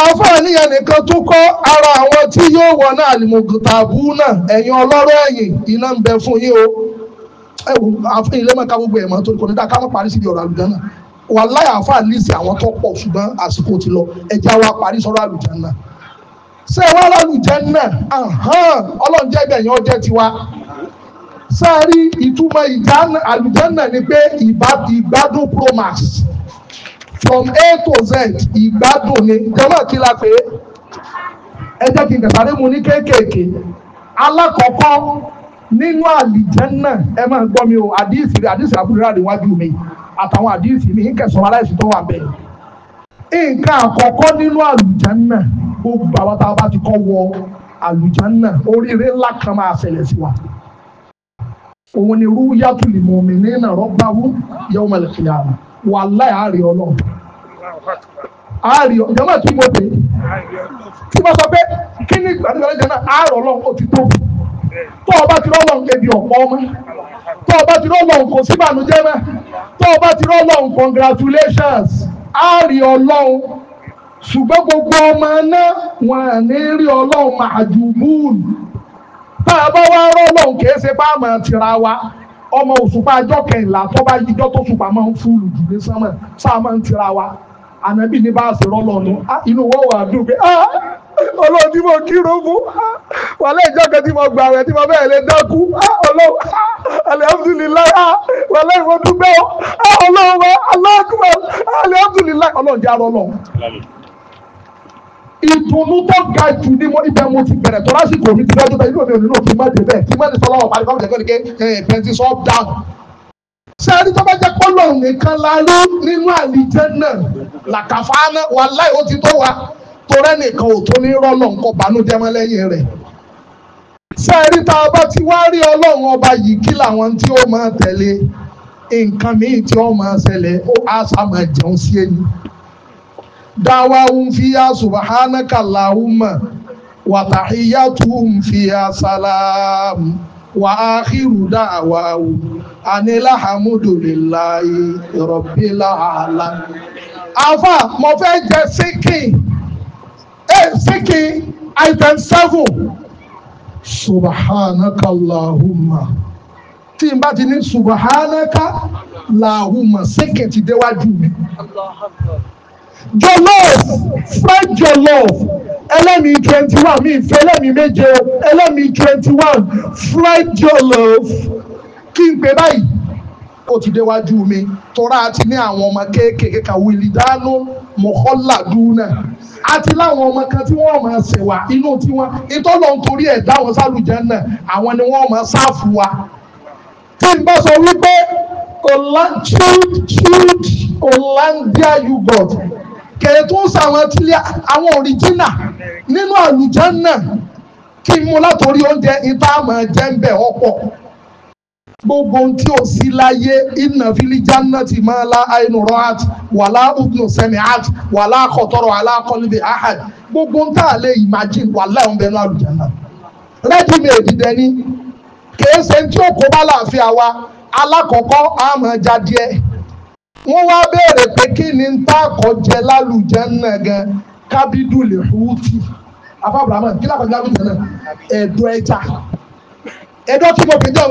àáfàá nìkan tó kọ́ ara àwọn tí yóò wọ náà ni mo tàbú náà ẹ̀yin ọlọ́rọ̀ ẹ̀yìn iná ń bẹ fún yín o ẹ wò àfin ilé mọ̀ká gbogbo ẹ̀mọ́ tó kọ́ nígbà ká má parí síbi ọ̀rọ̀ àlùjá náà wà láyà àáfàá lísì àwọn tó pọ̀ ṣùgbọ́n àsìkò ti lọ ẹja wa parí sọ̀rọ̀ àlùjá náà ṣé wàá lálùjá náà ọlọ́run jẹ́ ibẹ̀ yẹn ó jẹ́ tiwa sáárì ìtumọ̀ àlùjá náà ni pé ìgbádùn promax from A to Z ìgbádùn ni jọmọ kí la pé ẹ jẹ́ kí n kàtàrí mu ní kéékèèké alákọ̀ọ́kọ́ nínú àlìjẹ́nà ẹ máa gbọ́ mi o àdìsí àdìsí àbúrò àríwájú mi àtàwọn àdìsí mi ń kẹsàn-án aláìsí tó wà bẹ́ẹ̀. nǹkan àkọ́kọ́ nínú àlùjẹ́nà gbogbo àwọn tá a bá ti kọ́ wọ àlùjẹ́nà oríire ńlá kan máa ṣẹlẹ̀ sí wa. òun ni rúyàtúlì mọ̀mí ní ìnàrọ̀ gbáwó yẹ́wọ́n mẹ́lẹ̀ fìyà rẹ̀ wàláì àárẹ Ọlọ́run àárẹ ìjọba tí mo pè é tí mo sọ pé kí ni àdìgbàlẹ̀ jẹ náà àárẹ Ọlọ́run ó ti tó tó o bá ti rọlọ́run ebi ọ̀pọ̀ ọmọ tó o bá ti rọlọ́run kò sí ìbànújẹ́ náà tó o bá ti rọlọ́run congratulations àárẹ Ọlọ́run ṣùgbọ́n gbogbo ọmọ náà wọn à ní rí Ọlọ́run màdùbùn tá a bá wá rọlọ́run ṣe bá àmọ̀ tìra wa ọmọ òṣùpá ajọ́ kẹrìnlá tó bá yíjọ́ tó ṣùpá máa ń fúlù jù ní sánmà sáà máa ń tira wa ànábì ní bá a ṣe rọ́lọ́ọ̀nù ah, inú wọ́n wà dùn pé ah, ọlọ́run tí mo kírun fún ah, wàlẹ́ ìjọba tí mo gbà rẹ̀ tí mo bẹ̀rẹ̀ lè dákú ọlọ́run alihamudulilayi wàlẹ́ ìwọ́n dúpẹ́ ọlọ́run alihamudulilayi ọlọ́run jẹ́ arọ́lọ́run ìdùnnú tó ga jù ní mo ibẹ̀ mo ti bẹ̀rẹ̀ tọ́lá sí kòmí ti dájú tẹ̀lé omi ònínú kí n má dé bẹ́ẹ̀ kí má ní sọ́lá ọ̀pá nípa ìjẹ́kọ́ ni ké pẹ̀ntì sọ́ dáhùn. sẹ́ẹ̀rí tó bá jẹ́ kọ́lọ̀ nìkan la rí nínú àlìjẹ́ náà làkàfà náà wàláhì ó ti tó wa torẹ́ nìkan ò tó ní rọ́lọ̀ nǹkan bànújẹ́ mọ́ lẹ́yìn rẹ̀. sẹ́ẹ̀rí tá a bá ti wá rí ọlọ́run ọba dáwáhùn fíyà subhanaka Allahumma wàtàhíyàtùhùn fíyà sálàmù wà áhírù dáwáhù aníláhàmúdùlélàyé rọ̀bíláhàlá. àfà mo fẹ́ jẹ síkìn síkìn item seven subhanaka Allahumma tí n bá ti ní subhanaka Allahumma síkìn ti déwájú mi jollof fried jollof ẹlẹ́mìí twenty one mi ìfẹ́ ẹlẹ́mìí méje ẹlẹ́mìí twenty one fried jollof kí n pè báyìí ó ti déwájú mi tọ́ra àti ní àwọn ọmọ kéékèèké kan wíìlì dáná mọ̀kọ́là dúnà àti láwọn ọmọ kan tí wọ́n máa ṣẹ̀wà inú tiwọn ìtọ́lọ̀ nítorí ẹ̀ dáwọn sálùjẹ́ náà àwọn ni wọ́n máa ṣáàfù wa tí n bá sọ wípé ọ̀là chilled chilled kèé tó ń sàwọn tílé àwọn òrìjínà nínú àlùjànnà kí n mú látòrí oúnjẹ ìta àmọ̀ jẹ́ ń bẹ̀ ọ̀pọ̀ gbogbo ohun tí o sí láyé iná fílíjà náà ti máa la àìnú rọ́hát wàlá ugnu sẹ́mìhát wàlá ahad gbogbo ohun tá a lè imagine wàlá ẹ̀hún bẹ̀rù àlùjáná. rẹ́dí mi èdìdẹ ni kèé tí ó kó bá láàfin àwa alákọ̀ọ́kọ́ àmọ́ wọ́n wá béèrè pé kí ni ń tá àkọ́jẹ lálùjẹ́ náà gan kábídù lè húùtì abrahamu kí lákọ̀jẹ́ lálùjẹ́ náà ẹ̀dọ̀ ẹja ẹ̀dọ̀ kí mo fi jọ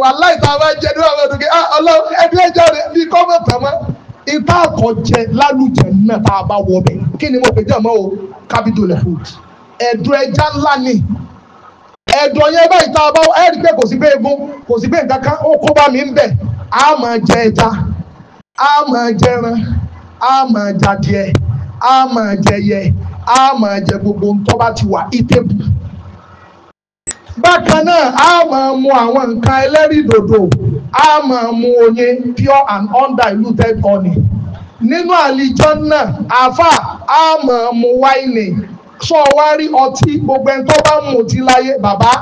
wọn tá a bá jẹ ọlọ́run ìta àkọ́jẹ lálùjẹ́ ni mo mọ́ o kábídù lè húùtì pé kò sí bẹ́ẹ̀ gún kò sí bẹ́ẹ̀ á máa jẹran á máa jàdìẹ á máa jẹyẹ á máa jẹ gbogbo ń tọ́ba ti wà ìtẹ́bù. bákan náà á máa mu àwọn nǹkan ẹlẹ́rìndòdò á máa mu oyin pure and undiluted honey nínú àlìjọ náà àáfà á máa mu wáìnì sọ wá rí ọtí gbogbo ẹni tó bá mu ti láyé bàbá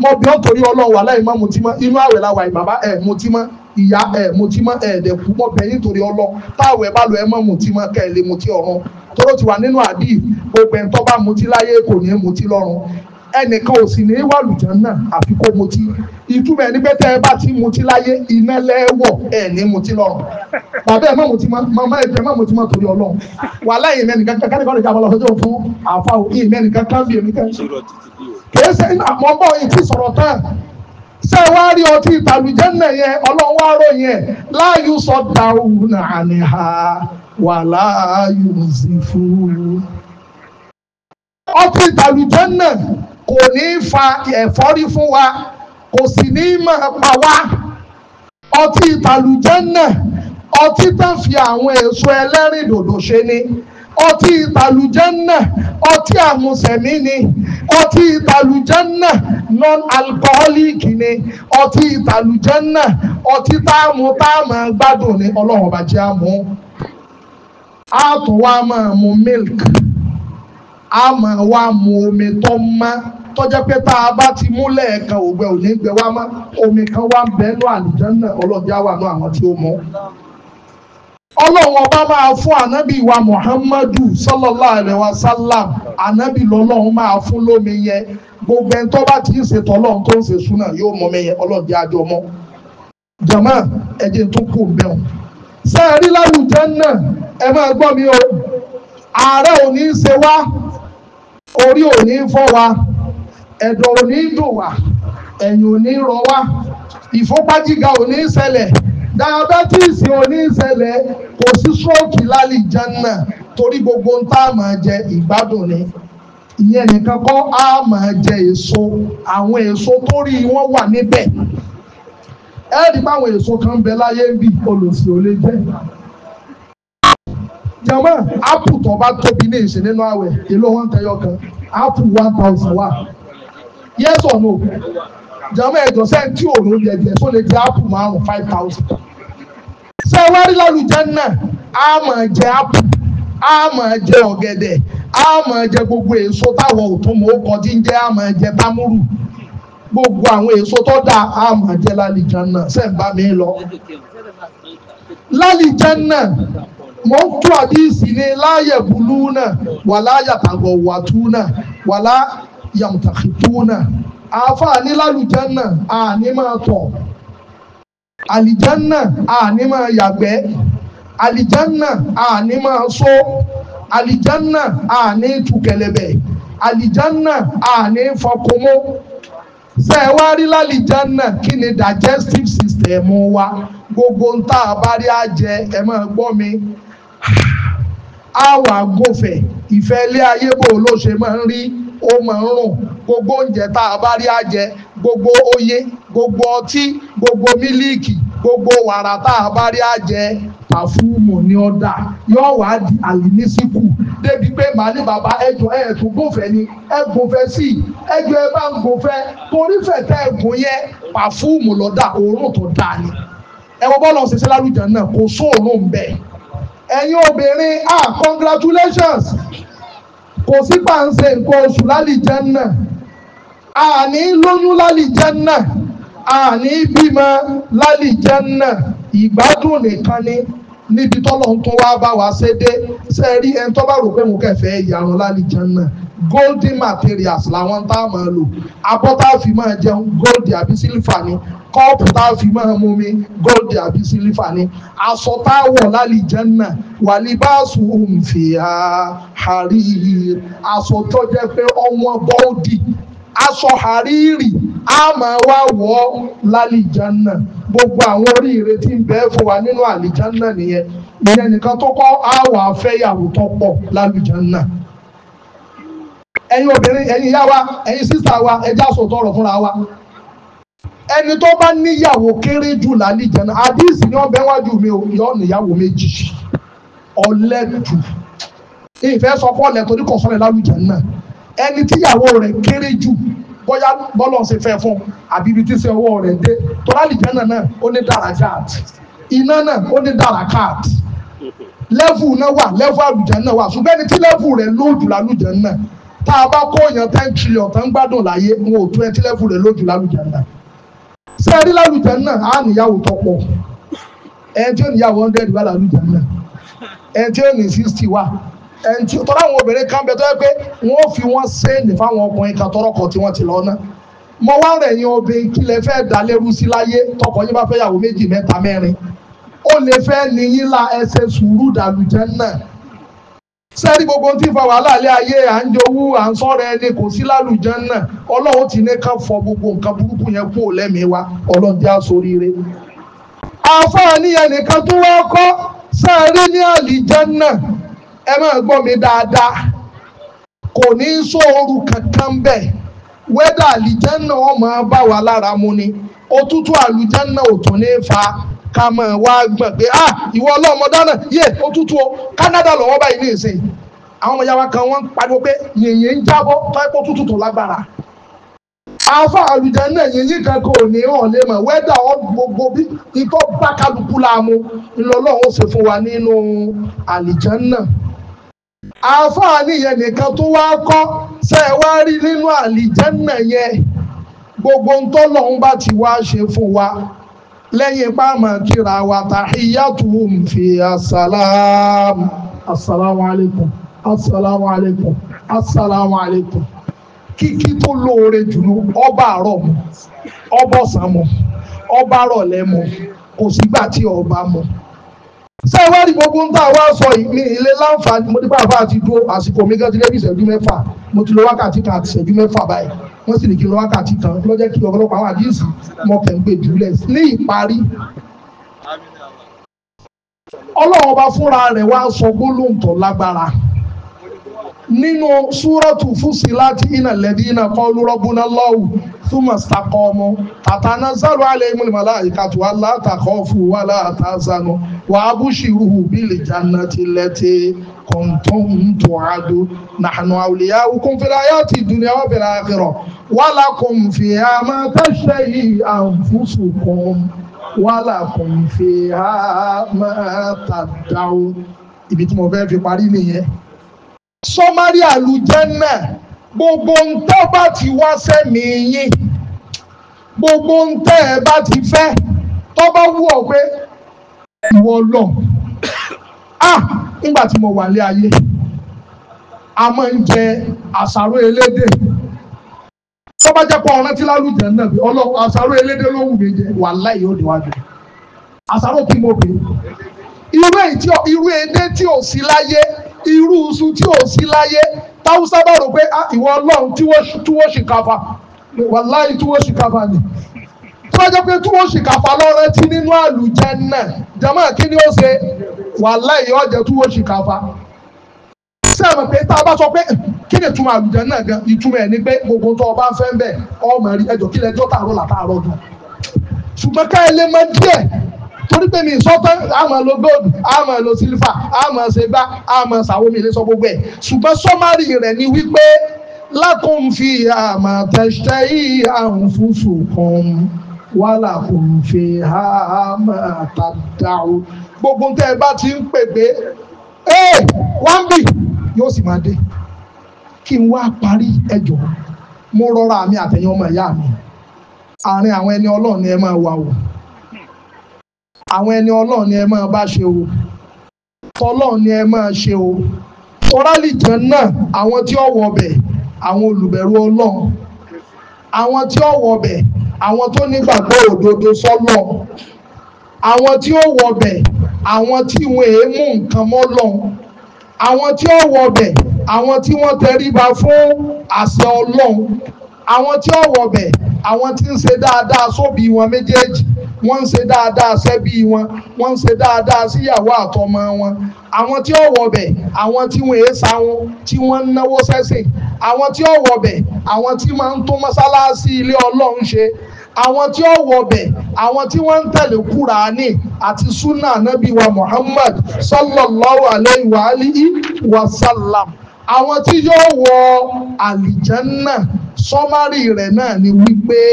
mo bí ó torí ọlọ́wà láì má mutí mọ́ inú àwẹ̀ la wà yìí bàbá ẹ̀ mutí mọ́ ìyá ẹ̀ mutí mọ́ ẹ̀ẹ́dẹ̀ kú mọ́ bẹ nítorí ọlọ táwọn ẹ̀ bá lọ ẹ̀ mọ́ mutí mọ́ kẹ́ ẹ̀ lè mutí ọ̀run tóró ti wà nínú àdí obìnrin tó bá mutí láyé kò ní mutí lọ́run ẹnìkan ò sì ní í wà lùjàn náà àfi kó mutí ìtumọ̀ ẹni pé tẹ́ ẹ bá ti mutí láyé iná lẹ́wọ̀ ẹ̀ ní mutí lọ́run bàbá ẹ̀ má mutí mọ́ màmá ẹ̀ jẹ́ má mutí mọ́ torí ọlọ́run wà láyé mẹ́nìkan kankan nípa ọ̀dẹ̀jà àbọ̀lọ̀ ọ̀dẹ̀jà fún àfa òkè mẹ́nìkan kan bí èmi kan kèé sẹ́yìn àmọ́ bọ́ ìtì sọ̀rọ̀ tán ṣé wá rí ọtí ìtàlùjẹ́ náà yẹn ọlọ́run wá ròyìn láàyò sọ dáhùn àníhà wà láàyò sí fún. ọtí ìtàlùjẹ́ náà kò ní fa ẹ̀fọ́rí fún wa kò sì ní í pa wá ọtí ìtàlùjẹ́ náà ọtí tán fi àwọn èso ẹlẹ́rìndòdò ṣe ni. ọtí ìbàlùjẹ́nà ọtí àmùsẹ̀mí ni ọtí ìbàlùjẹ́nà non-alcoholic ni ọtí ìbàlùjẹ́nà ọtí táàmù táàmù gbádùn ni ọlọ́run bá jẹ́ àmú àtún wa máa mu milk a máa wá mu omi tó má tọ́jọ́ pé tá a bá ti mú lẹ́ẹ̀kan ògbẹ́ òní gbẹ wá má omi kan wá ń bẹ́ẹ̀ lọ àlùjẹ́nà ọlọ́jà wà ní àwọn tí ó mú. ọlọ́run ọba máa fún ànábì wa muhammadu sallallahu alayhi wa sallam ànábì ma máa fún lómi gbogbo ẹni tó ti ń ṣètò ọlọ́run tó ń ṣe súnà yóò mọ̀ ọlọ́run bí ajọ mọ́ jama tó kù bẹ́ẹ̀ sẹ́ẹ̀rí láwùjọ náà ẹ máa mi o ààrẹ ò ní í ṣe wá orí ò ní í wa ẹ̀dọ̀ ò rọ wá ò ní diabetes ò ní ṣẹlẹ̀ kò sí stroke lálẹ́ jẹ́nà torí gbogbo ń tá a máa jẹ ìgbádùn ni ìyẹn nìkan kọ́ a máa jẹ èso àwọn èso tó rí wọ́n wà níbẹ̀ ẹ́ẹ̀dì báwọn èso kan bẹ láyé ń bì olùsí ò lè jẹ́ jama apu tó bá tóbi ní ìṣe nínú àwẹ̀ èlò wọn tẹyọ apu one thousand wa yes or jàmọ́ ẹ̀jọ̀ sẹ́ni tí òòrùn yẹ jẹ tó lè jẹ ápù márùn five thousand. ṣé ẹ wá rí lálùjẹ́ náà á máa jẹ ápù á máa jẹ ọ̀gẹ̀dẹ̀ á máa jẹ gbogbo èso táwọn òtún mọ́ kọ́ tí ń jẹ́ á máa jẹ bámúrù gbogbo àwọn èso tó dáa á máa jẹ lálùjẹ́ náà ṣé ń bá mi lọ. lálùjẹ́ náà mo ń tú àdíìsì ní láàyè bulú náà wàlá yàtàgọ̀ wàtú náà wàlá yàmùtàkìtú náà. Afa ní lálùjánà àní máa tọ̀ àlìjánà àní máa yàgbẹ́ àlìjánà àní máa só àlìjánà àní tukẹ̀lẹ̀bẹ̀ àlìjánà àní fọkùnmó ṣe é wá rí lálìjánà kí digestive system wa gbogbo ń tá a bá rí á jẹ ẹ máa gbọ́ mi á wà gòfẹ̀ ilé ayé bò ló ṣe máa ń rí ó máa ń rùn gbogbo oúnjẹ tá a bá rí àjẹ gbogbo oyé gbogbo ọtí gbogbo mílíìkì gbogbo wàrà tá a bá rí àjẹ pàfúùmù ni ó dà yóò wá di àlìnísíkù débi pé màá ní bàbá ẹjọ ẹ tún gòfẹ ni ẹ gòfẹ sí i ẹjọ ẹ bá ń gòfẹ torí fẹtẹ ẹgùn yẹn pàfúùmù ló dà òórùn tó dà ni ẹ wọ bọ́ọ̀lù ọ̀sẹ̀ náà kò sóòórùn bẹ́ẹ̀ ẹ̀yin obìnrin ah congratulations kò sí pàǹsẹ̀ nǹkan oṣù lálìjẹ́nà àní lóyún lálìjẹ́nà àní bímọ lálìjẹ́nà ìgbádùn nìkan ni. kani níbi tọ́lọ́run tó wá bá wa ṣe dé ṣe rí ẹni tó bá rò pé mo kẹfẹ́ ìyàrún lálejò náà golden materials làwọn tá a máa lò abọ́ tá a fi máa jẹun gold àbí sílífà ni kọ́ọ̀pù tá a fi máa mú mi gold àbí sílífà ni aṣọ tá a wọ̀ lálejò náà wà ní báàsù òǹfìyà àríyí aṣọ tó jẹ́ pé ọwọ́n bọ́ọ̀dì aṣọ àríyí a máa wá wọ̀ lálejò náà gbogbo àwọn oríire tí ń bẹ fún wa nínú àlìjánná nìyẹn ìyẹn nìkan tó kọ́ àwọ̀ afẹ́yàwó tó pọ̀ lálùjánná ẹ̀yin obìnrin ẹ̀yin ìyá wa ẹ̀yin sísá wa ẹja sòtọ́ ọ̀rọ̀ fúnra wa ẹni tó bá níyàwó kéré jù lálìjánná àdìsí ni wọ́n bẹ́ wájú mi ò yọ níyàwó méjì ọ̀lẹ́tù ìfẹ́ sọ fún ọ̀lẹ́tù oníkọ̀ọ́sọ́rẹ́ lálùjánná ẹni tíyàwó rẹ̀ kéré jù bóyá bọ́lọ̀ ṣe fẹ́ fún àbí ibi tí ṣe ọwọ́ rẹ̀ dé tọ́lálì jẹ́nà náà ó ní darakat iná náà ó ní darakat lẹ́fù náà wà lẹ́fù àlùjẹ́ náà wà ṣùgbọ́n ẹni tí lẹ́fù rẹ̀ lójú lálùjẹ́ náà tá a bá kó èèyàn ten trillion tó ń gbádùn láyé wọn ò tún ẹni tí lẹ́fù rẹ̀ lójú lálùjẹ́ náà ṣé ẹ rí lálùjẹ́ náà á níyàwó tọ́pọ̀ ẹni tí ó níyàwó hundred wà lálùjẹ́ náà ẹni tí ó ní sixty wà ẹni tí tọ́lá àwọn obìnrin kan bẹ tó yẹ pé wọ́n fi wọ́n sẹ́ẹ̀nì fáwọn ọkùnrin kan tọ́rọ́kọ̀ tí wọ́n ti lọ ná mo wá rẹ̀ yín obìnrin kí lẹ fẹ́ dá lẹ́rú sí láyé tọkọ yín bá fẹ́ yàwó méjì mẹ́ta mẹ́rin ó lè fẹ́ ní yín la ẹsẹ̀ sùúrù dàlùjẹ́ náà sẹ́ẹ̀rí gbogbo tí ń fa wàhálà alẹ́ ayé à ń jowú à ń sọ̀rọ̀ ẹni kò sí lálùjẹ́ náà ọlọ́run ti ní ká fọ gbogbo nǹkan burúkú yẹn kúrò lẹ́mìí wa ọlọ́run jẹ́ àsoríire. àfààní ẹnìkan tó wá kọ́ sẹ́ẹ̀rí ní àlìjẹ́ náà ẹ máa gbọ́ mi dáadáa kò ní sóoru kankan bẹ́ẹ̀ wẹ́dà àlùjànnà wọn máa bá wa lára mu ni òtútù àlùjànnà ò ní fa ká máa wá gbọ̀n pé ah ìwọ ọlọ́mọdá yé òtútù o Canada lọ́wọ́ báyìí ní ìsìn àwọn ọmọ yàrá kan wọ́n ń pariwo pé yìnyín ń jábọ́ tútù afa yìnyín ní hàn mọ̀ wẹ́dà ọ gbogbo bí ìtọ́ bá kálukú láàmú ńlọ́lọ́run àáfàá yẹn nìkan tó wá kọ́ ṣe é wá rí nínú àlìjẹ́nà yẹn gbogbo ń tọ́lọ̀ ń bá ti wá ṣe fún wa lẹ́yìn páàmà kíra wa tahiyyatuhum fi asalaam asalaamu alaykum asalaamu alaykum asalaamu alaykum kíkí tó lóore jùlọ ọba àárọ̀ mu ọba ọ̀sán mu ọba àrọ̀lẹ́ mu kò sígbà tí ọba mọ. ṣé ẹ wá rí gbogbo ń tà wá sọ ìpín ilé láǹfààní mo ti bá àbá àti dúró àsìkò mi gẹ́gẹ́ bí ìṣẹ́jú mẹ́fà mo ti lo wákàtí kan àti ìṣẹ́jú mẹ́fà báyìí wọ́n sì ní kí lo wákàtí kan lọ́jọ́ kí ọ̀pọ̀lọpọ̀ àwọn àdíyèsí mọ̀ kẹ́ ń gbé jùlẹ̀ ní ìparí ọlọ́run ọba fúnra rẹ̀ wá sọ gbólóǹtọ̀ lágbára nínú súrọ́tù fúsìláti iná lẹ́dí iná kọlu rọ́bùnà lọ́wù túmọ̀ sàkọ́ ọmọ tàtàná sálù alẹ́ ìmúlẹ̀mọ́lá ìkàtù aláàtàkọ́ fún wa láàtàzánú wà á bú ṣìrùhù bílì jannati lẹ́tẹ̀ kọ̀ǹtọ́n tó àdó nàánú àwùlíyá okùn fìlà ayá ti dùnú ẹwọ́ bẹ̀rẹ̀ àkẹrọ̀ wà lákùn fi àmà tẹ́ṣẹ̀ yìí àǹfùsùkùn wà lákùn fi àmà tàdáwó ibi tí mo fẹ́ fi parí nìyẹn sọmárì àlùjẹ́nà gbogbo ń tẹ́ bá ti wá sẹ́mi yín gbogbo ń tẹ́ ẹ bá ti fẹ́ tọ́ bá wù ọ́ pé ìwọ lọ ah nígbà tí mo wà lé ayé a máa ń jẹ àṣàrò elédè tọ́ bá jẹ́ pọ̀ ọ̀rán tí lálùjẹ́nà bí ọlọ́run àṣàrò elédè ló wù mí jẹ wàláhì yóò níwájú àṣàrò kí mo pè irú èdè tí ò sí láyé irú iṣu tí ò sí láyé táwùsá bá rò pé ah, ìwọ ọlọ́run tí wọ́n ṣìkàfà wàláì tí wọ́n ṣìkàfà ni tó bá jẹ́ pé tí wọ́n ṣìkàfà lọ́rẹ́ tí nínú àlùjánnà jàmáà kí ni ó ṣe wàláì ọ̀jẹ̀ tí wọ́n ṣìkàfà sẹ́wọ̀n pé tá a bá sọ pé kí ni ìtumọ̀ àlùjánnà gan ìtumọ̀ ẹ̀ ni pé gbogbo tó o bá ń fẹ́ ń bẹ̀ ọmọ rí ẹjọ́ kí lẹ́jọ́ tààrọ̀ làtàárọ̀ gan ṣùgbọ́n ká ẹ lè mọ díẹ̀ torí pé mi sọ́tọ́ àmọ́ lo gold àmọ́ lo silver àmọ́ ṣègbà àmọ́ ṣàwọ́mi ilé sọ gbogbo ẹ̀ ṣùgbọ́n sọ́márì rẹ̀ ni wípé lákùn fi àmọ́ tẹ̀sítẹ́ yìí àrùn fúnfún kan wàhálà kùn fi àmọ́ tàdáwó gbogbo tẹ́ ẹ bá ti ń pè pé ee one b yóò sì máa dé kí n wá parí ẹjọ́ mo rọra mi àtẹ̀yìn ọmọ ìyá mi àárín àwọn ẹni ọlọ́run ni ẹ máa wà wò àwọn ẹni ọlọ́run ni ẹ máa bá ṣe o tọlọ́run ni ẹ máa ṣe o tọ́rálì jẹ́ náà àwọn tí ó wọ ọbẹ̀ àwọn olùbẹ̀rù ọlọ́run àwọn tí ó wọ ọbẹ̀ àwọn tó nígbàgbọ́ òdodo sọ́lọ́ àwọn tí ó wọ ọbẹ̀ àwọn tí wọn èé mú nǹkan mọ́ lọ́hùn àwọn tí ó wọ ọbẹ̀ àwọn tí wọ́n tẹríba fún àṣẹ ọlọ́run àwọn tí ó wọ ọbẹ̀ àwọn tí ń ṣe dáadáa sóbì wọn méjèèjì. So wọ́n ń ṣe dáadáa sẹ́bí wọn wọ́n ń ṣe dáadáa síyàwó àtọmọ wọn àwọn tí ó wọbẹ̀ àwọn tí wọ́n èé sáwọn tí wọ́n ń náwó sẹ́sìn àwọn tí ó wọbẹ̀ àwọn tí máa ń tó mọ́sálásí ilé ọlọ́run ṣe àwọn tí ó wọbẹ̀ àwọn tí wọ́n ń tẹ̀lé kúránì àti súnà nábì wa Muhammad sallallahu alayhi wa alihi wa sallam àwọn tí yóò wọ àlìjánná sọmárì rẹ̀ náà ni wípé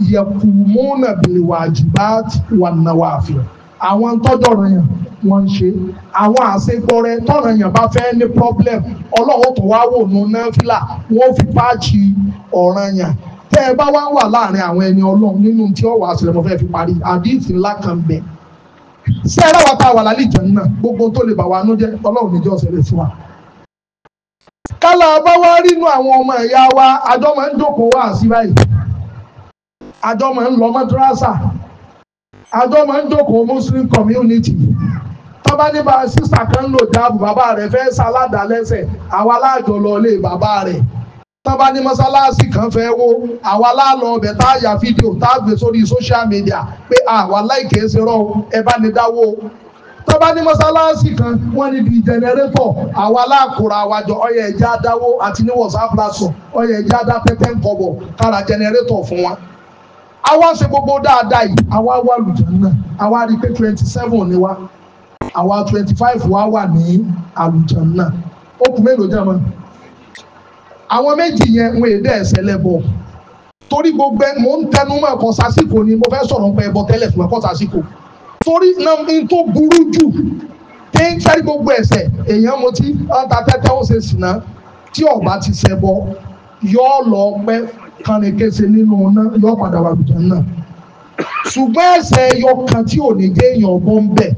yẹkùmúnà bil wajibat wà nawafil àwọn tọ́jọ́ rẹ̀ yàn wọ́n ń ṣe àwọn àṣepọ̀rẹ́ tọ́nà bá fẹ́ ní problem ọlọ́wọ́ tó wá wò nù náfìlà wọ́n fi páàkì ọ̀ràn yàn tẹ́ ẹ bá wá wà láàrin àwọn ẹni ọlọ́run nínú tí ó wà sílẹ̀ mo fẹ́ fi parí àdìsí ńlá kan bẹ̀. ṣé ẹ lọ́wọ́ tá a wà lálẹ́ ìjọ náà gbogbo tó lè bà wá nú jẹ́ ọlọ́run níjọ́ ṣẹlẹ̀ fún wa. kálá bá wá rínú àwọn ọmọ ìyá wa àjọ máa ń jókòó wá sí báyìí àjọ máa ń lọ mọ́dúrásà àjọ ń muslim community tọ́ba nípa sísà kan lò jáàbù bàbá rẹ̀ fẹ́ sáládà lẹ́sẹ̀ àwa láàjọ lọ lé bàbá rẹ̀ tọ́ba ní mọ́sálásì kan fẹ́ wó àwa láàlọ́ ọbẹ̀ tá a yà fídíò tá pé àwa láìkè ṣe rọ ẹ bá kan wọ́n ní àwa ṣe gbogbo dáadáa yìí àwa wà lùjànnà àwa rí i pé twenty seven ni wa àwa twenty five wa wà ní àlùjànnà ó kù mélòó jẹ́ mọ́ àwọn méjì yẹn ń èdè ẹ̀sẹ̀ lẹ́bọ̀ torí gbogbo mò ń tẹnu mọ́ ẹ̀kọ́ sásìkò ni mo fẹ́ sọ̀rọ̀ nípa ẹbọ tẹ́lẹ̀ fún ẹ̀kọ́ sásìkò torí náà n tó burú jù tí ń sẹ́rí gbogbo ẹ̀sẹ̀ èèyàn mo ti ń tẹ́tẹ́ ó ṣe sìnà tí ọba ti ṣẹbọ yọ ọ lọ pẹ́ kárẹ̀kẹ́sẹ̀ nínú ọ̀nà yọ padà wà lùjọ náà ṣùgbọ́n ẹsẹ̀ ẹyọ kan tí ò ní kéèyàn ọgbọ́ ń bẹ̀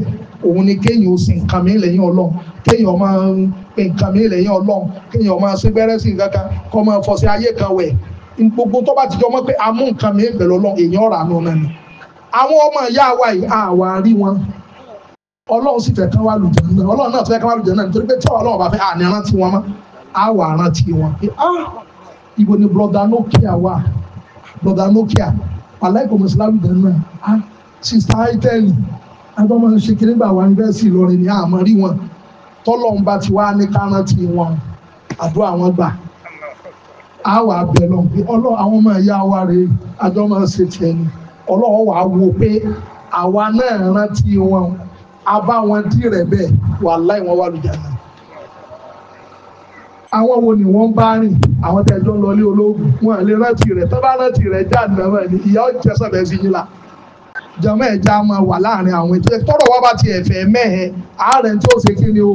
òun ni kéèyàn ó sin nǹkan mi lẹ́yìn ọlọ́run kéèyàn máa ń pe nǹkan mi lẹ́yìn ọlọ́run kéèyàn máa ṣe gbẹ́rẹ́ sí nǹkan kan kọ́ máa fọ́ sí ayé kan wẹ̀ gbogbo tó bá ti jọ mọ́ pé a mú nǹkan mi bẹ̀rẹ̀ ọlọ́run èèyàn ọ̀rà nù náà ni àwọn ọmọ ìyá wa yìí àwa rí wọn ọlọ́run sì fẹ́ kán wá lùjọ náà ọlọ́run náà fẹ́ kán wá lùjọ náà nítorí pé tí ọlọ́run bá fẹ́ àní rántí wọn mọ́ àwa rántí wọn ah, ibo ni broda nokia wà broda nokia aláìkò mùsùlùmí dẹnu ẹ á ah, sista aitẹni adọmọ ṣe kí nígbà wà yunifásitì Ìlọrin ni àmọ́ rí wọn tọlọmba ti wá ní káràntì wọn àdúrà wọn gbà á wà bẹ lọ pé ọlọ àwọn ọmọ ẹ̀yà wa rèé adọmọ ṣe tiẹ̀ ni ọlọ́wọ́ wàá wo pé àwa náà rántí wọn abá wọn dí rẹ̀ bẹ́ẹ̀ wàláì wọn wà lùjá náà àwọn wo ni wọ́n bá rìn àwọn tẹ̀ jọ ń lọlé ológun wọn lè rántí rẹ̀ tó bá rántí rẹ̀ jáde náà ní ìyá ọ̀jẹ̀ sọ̀bẹ̀ sí yín la jọmọ ẹja máa wà láàrin àwọn ètò tọrọ wa bá ti ẹfẹ mẹhẹ ààrẹ tí ó ṣe kí ni o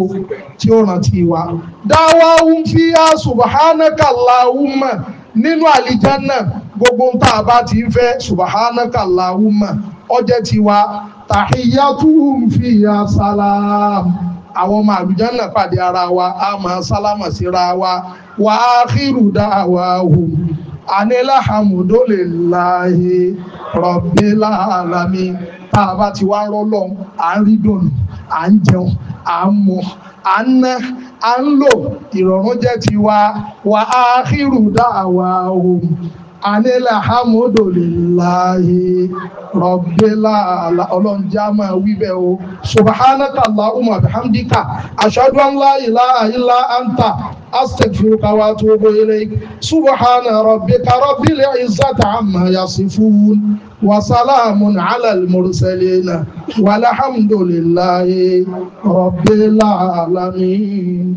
tí ó rántí wa. dáwọ́ ń fi subhanaka Allahumma nínú àlìjánná gbogbo tá a bá ti ń fẹ́ subhanaka Allahumma ọjẹ́ tiwa tahiyyatuhum fiha salam àwọn ọmọ àlùjánà pàdé ara wa a máa sálámà síra wa wà á kírù dá wa hù aníláhàmùdólèláhe rọ̀bíláàlámi tá a bá ti wá rọ́lọ́ à ń rí dùn à ń jẹun à ń mu à ń ná à ń lò ìrọ̀rùn jẹ́ tiwa wà á kírù dá wa hù anila hamdulilayi rọ̀bílà ọlọ́njá máa wíbẹ̀ o subhanaka allahumma bihamdika ashhadu an la ilaha illa anta astaghfiruka wa atubu ilayk subhana rabbika rabbil izzati amma yasifun wa salamun ala al mursalin walhamdulillahi rabbil alamin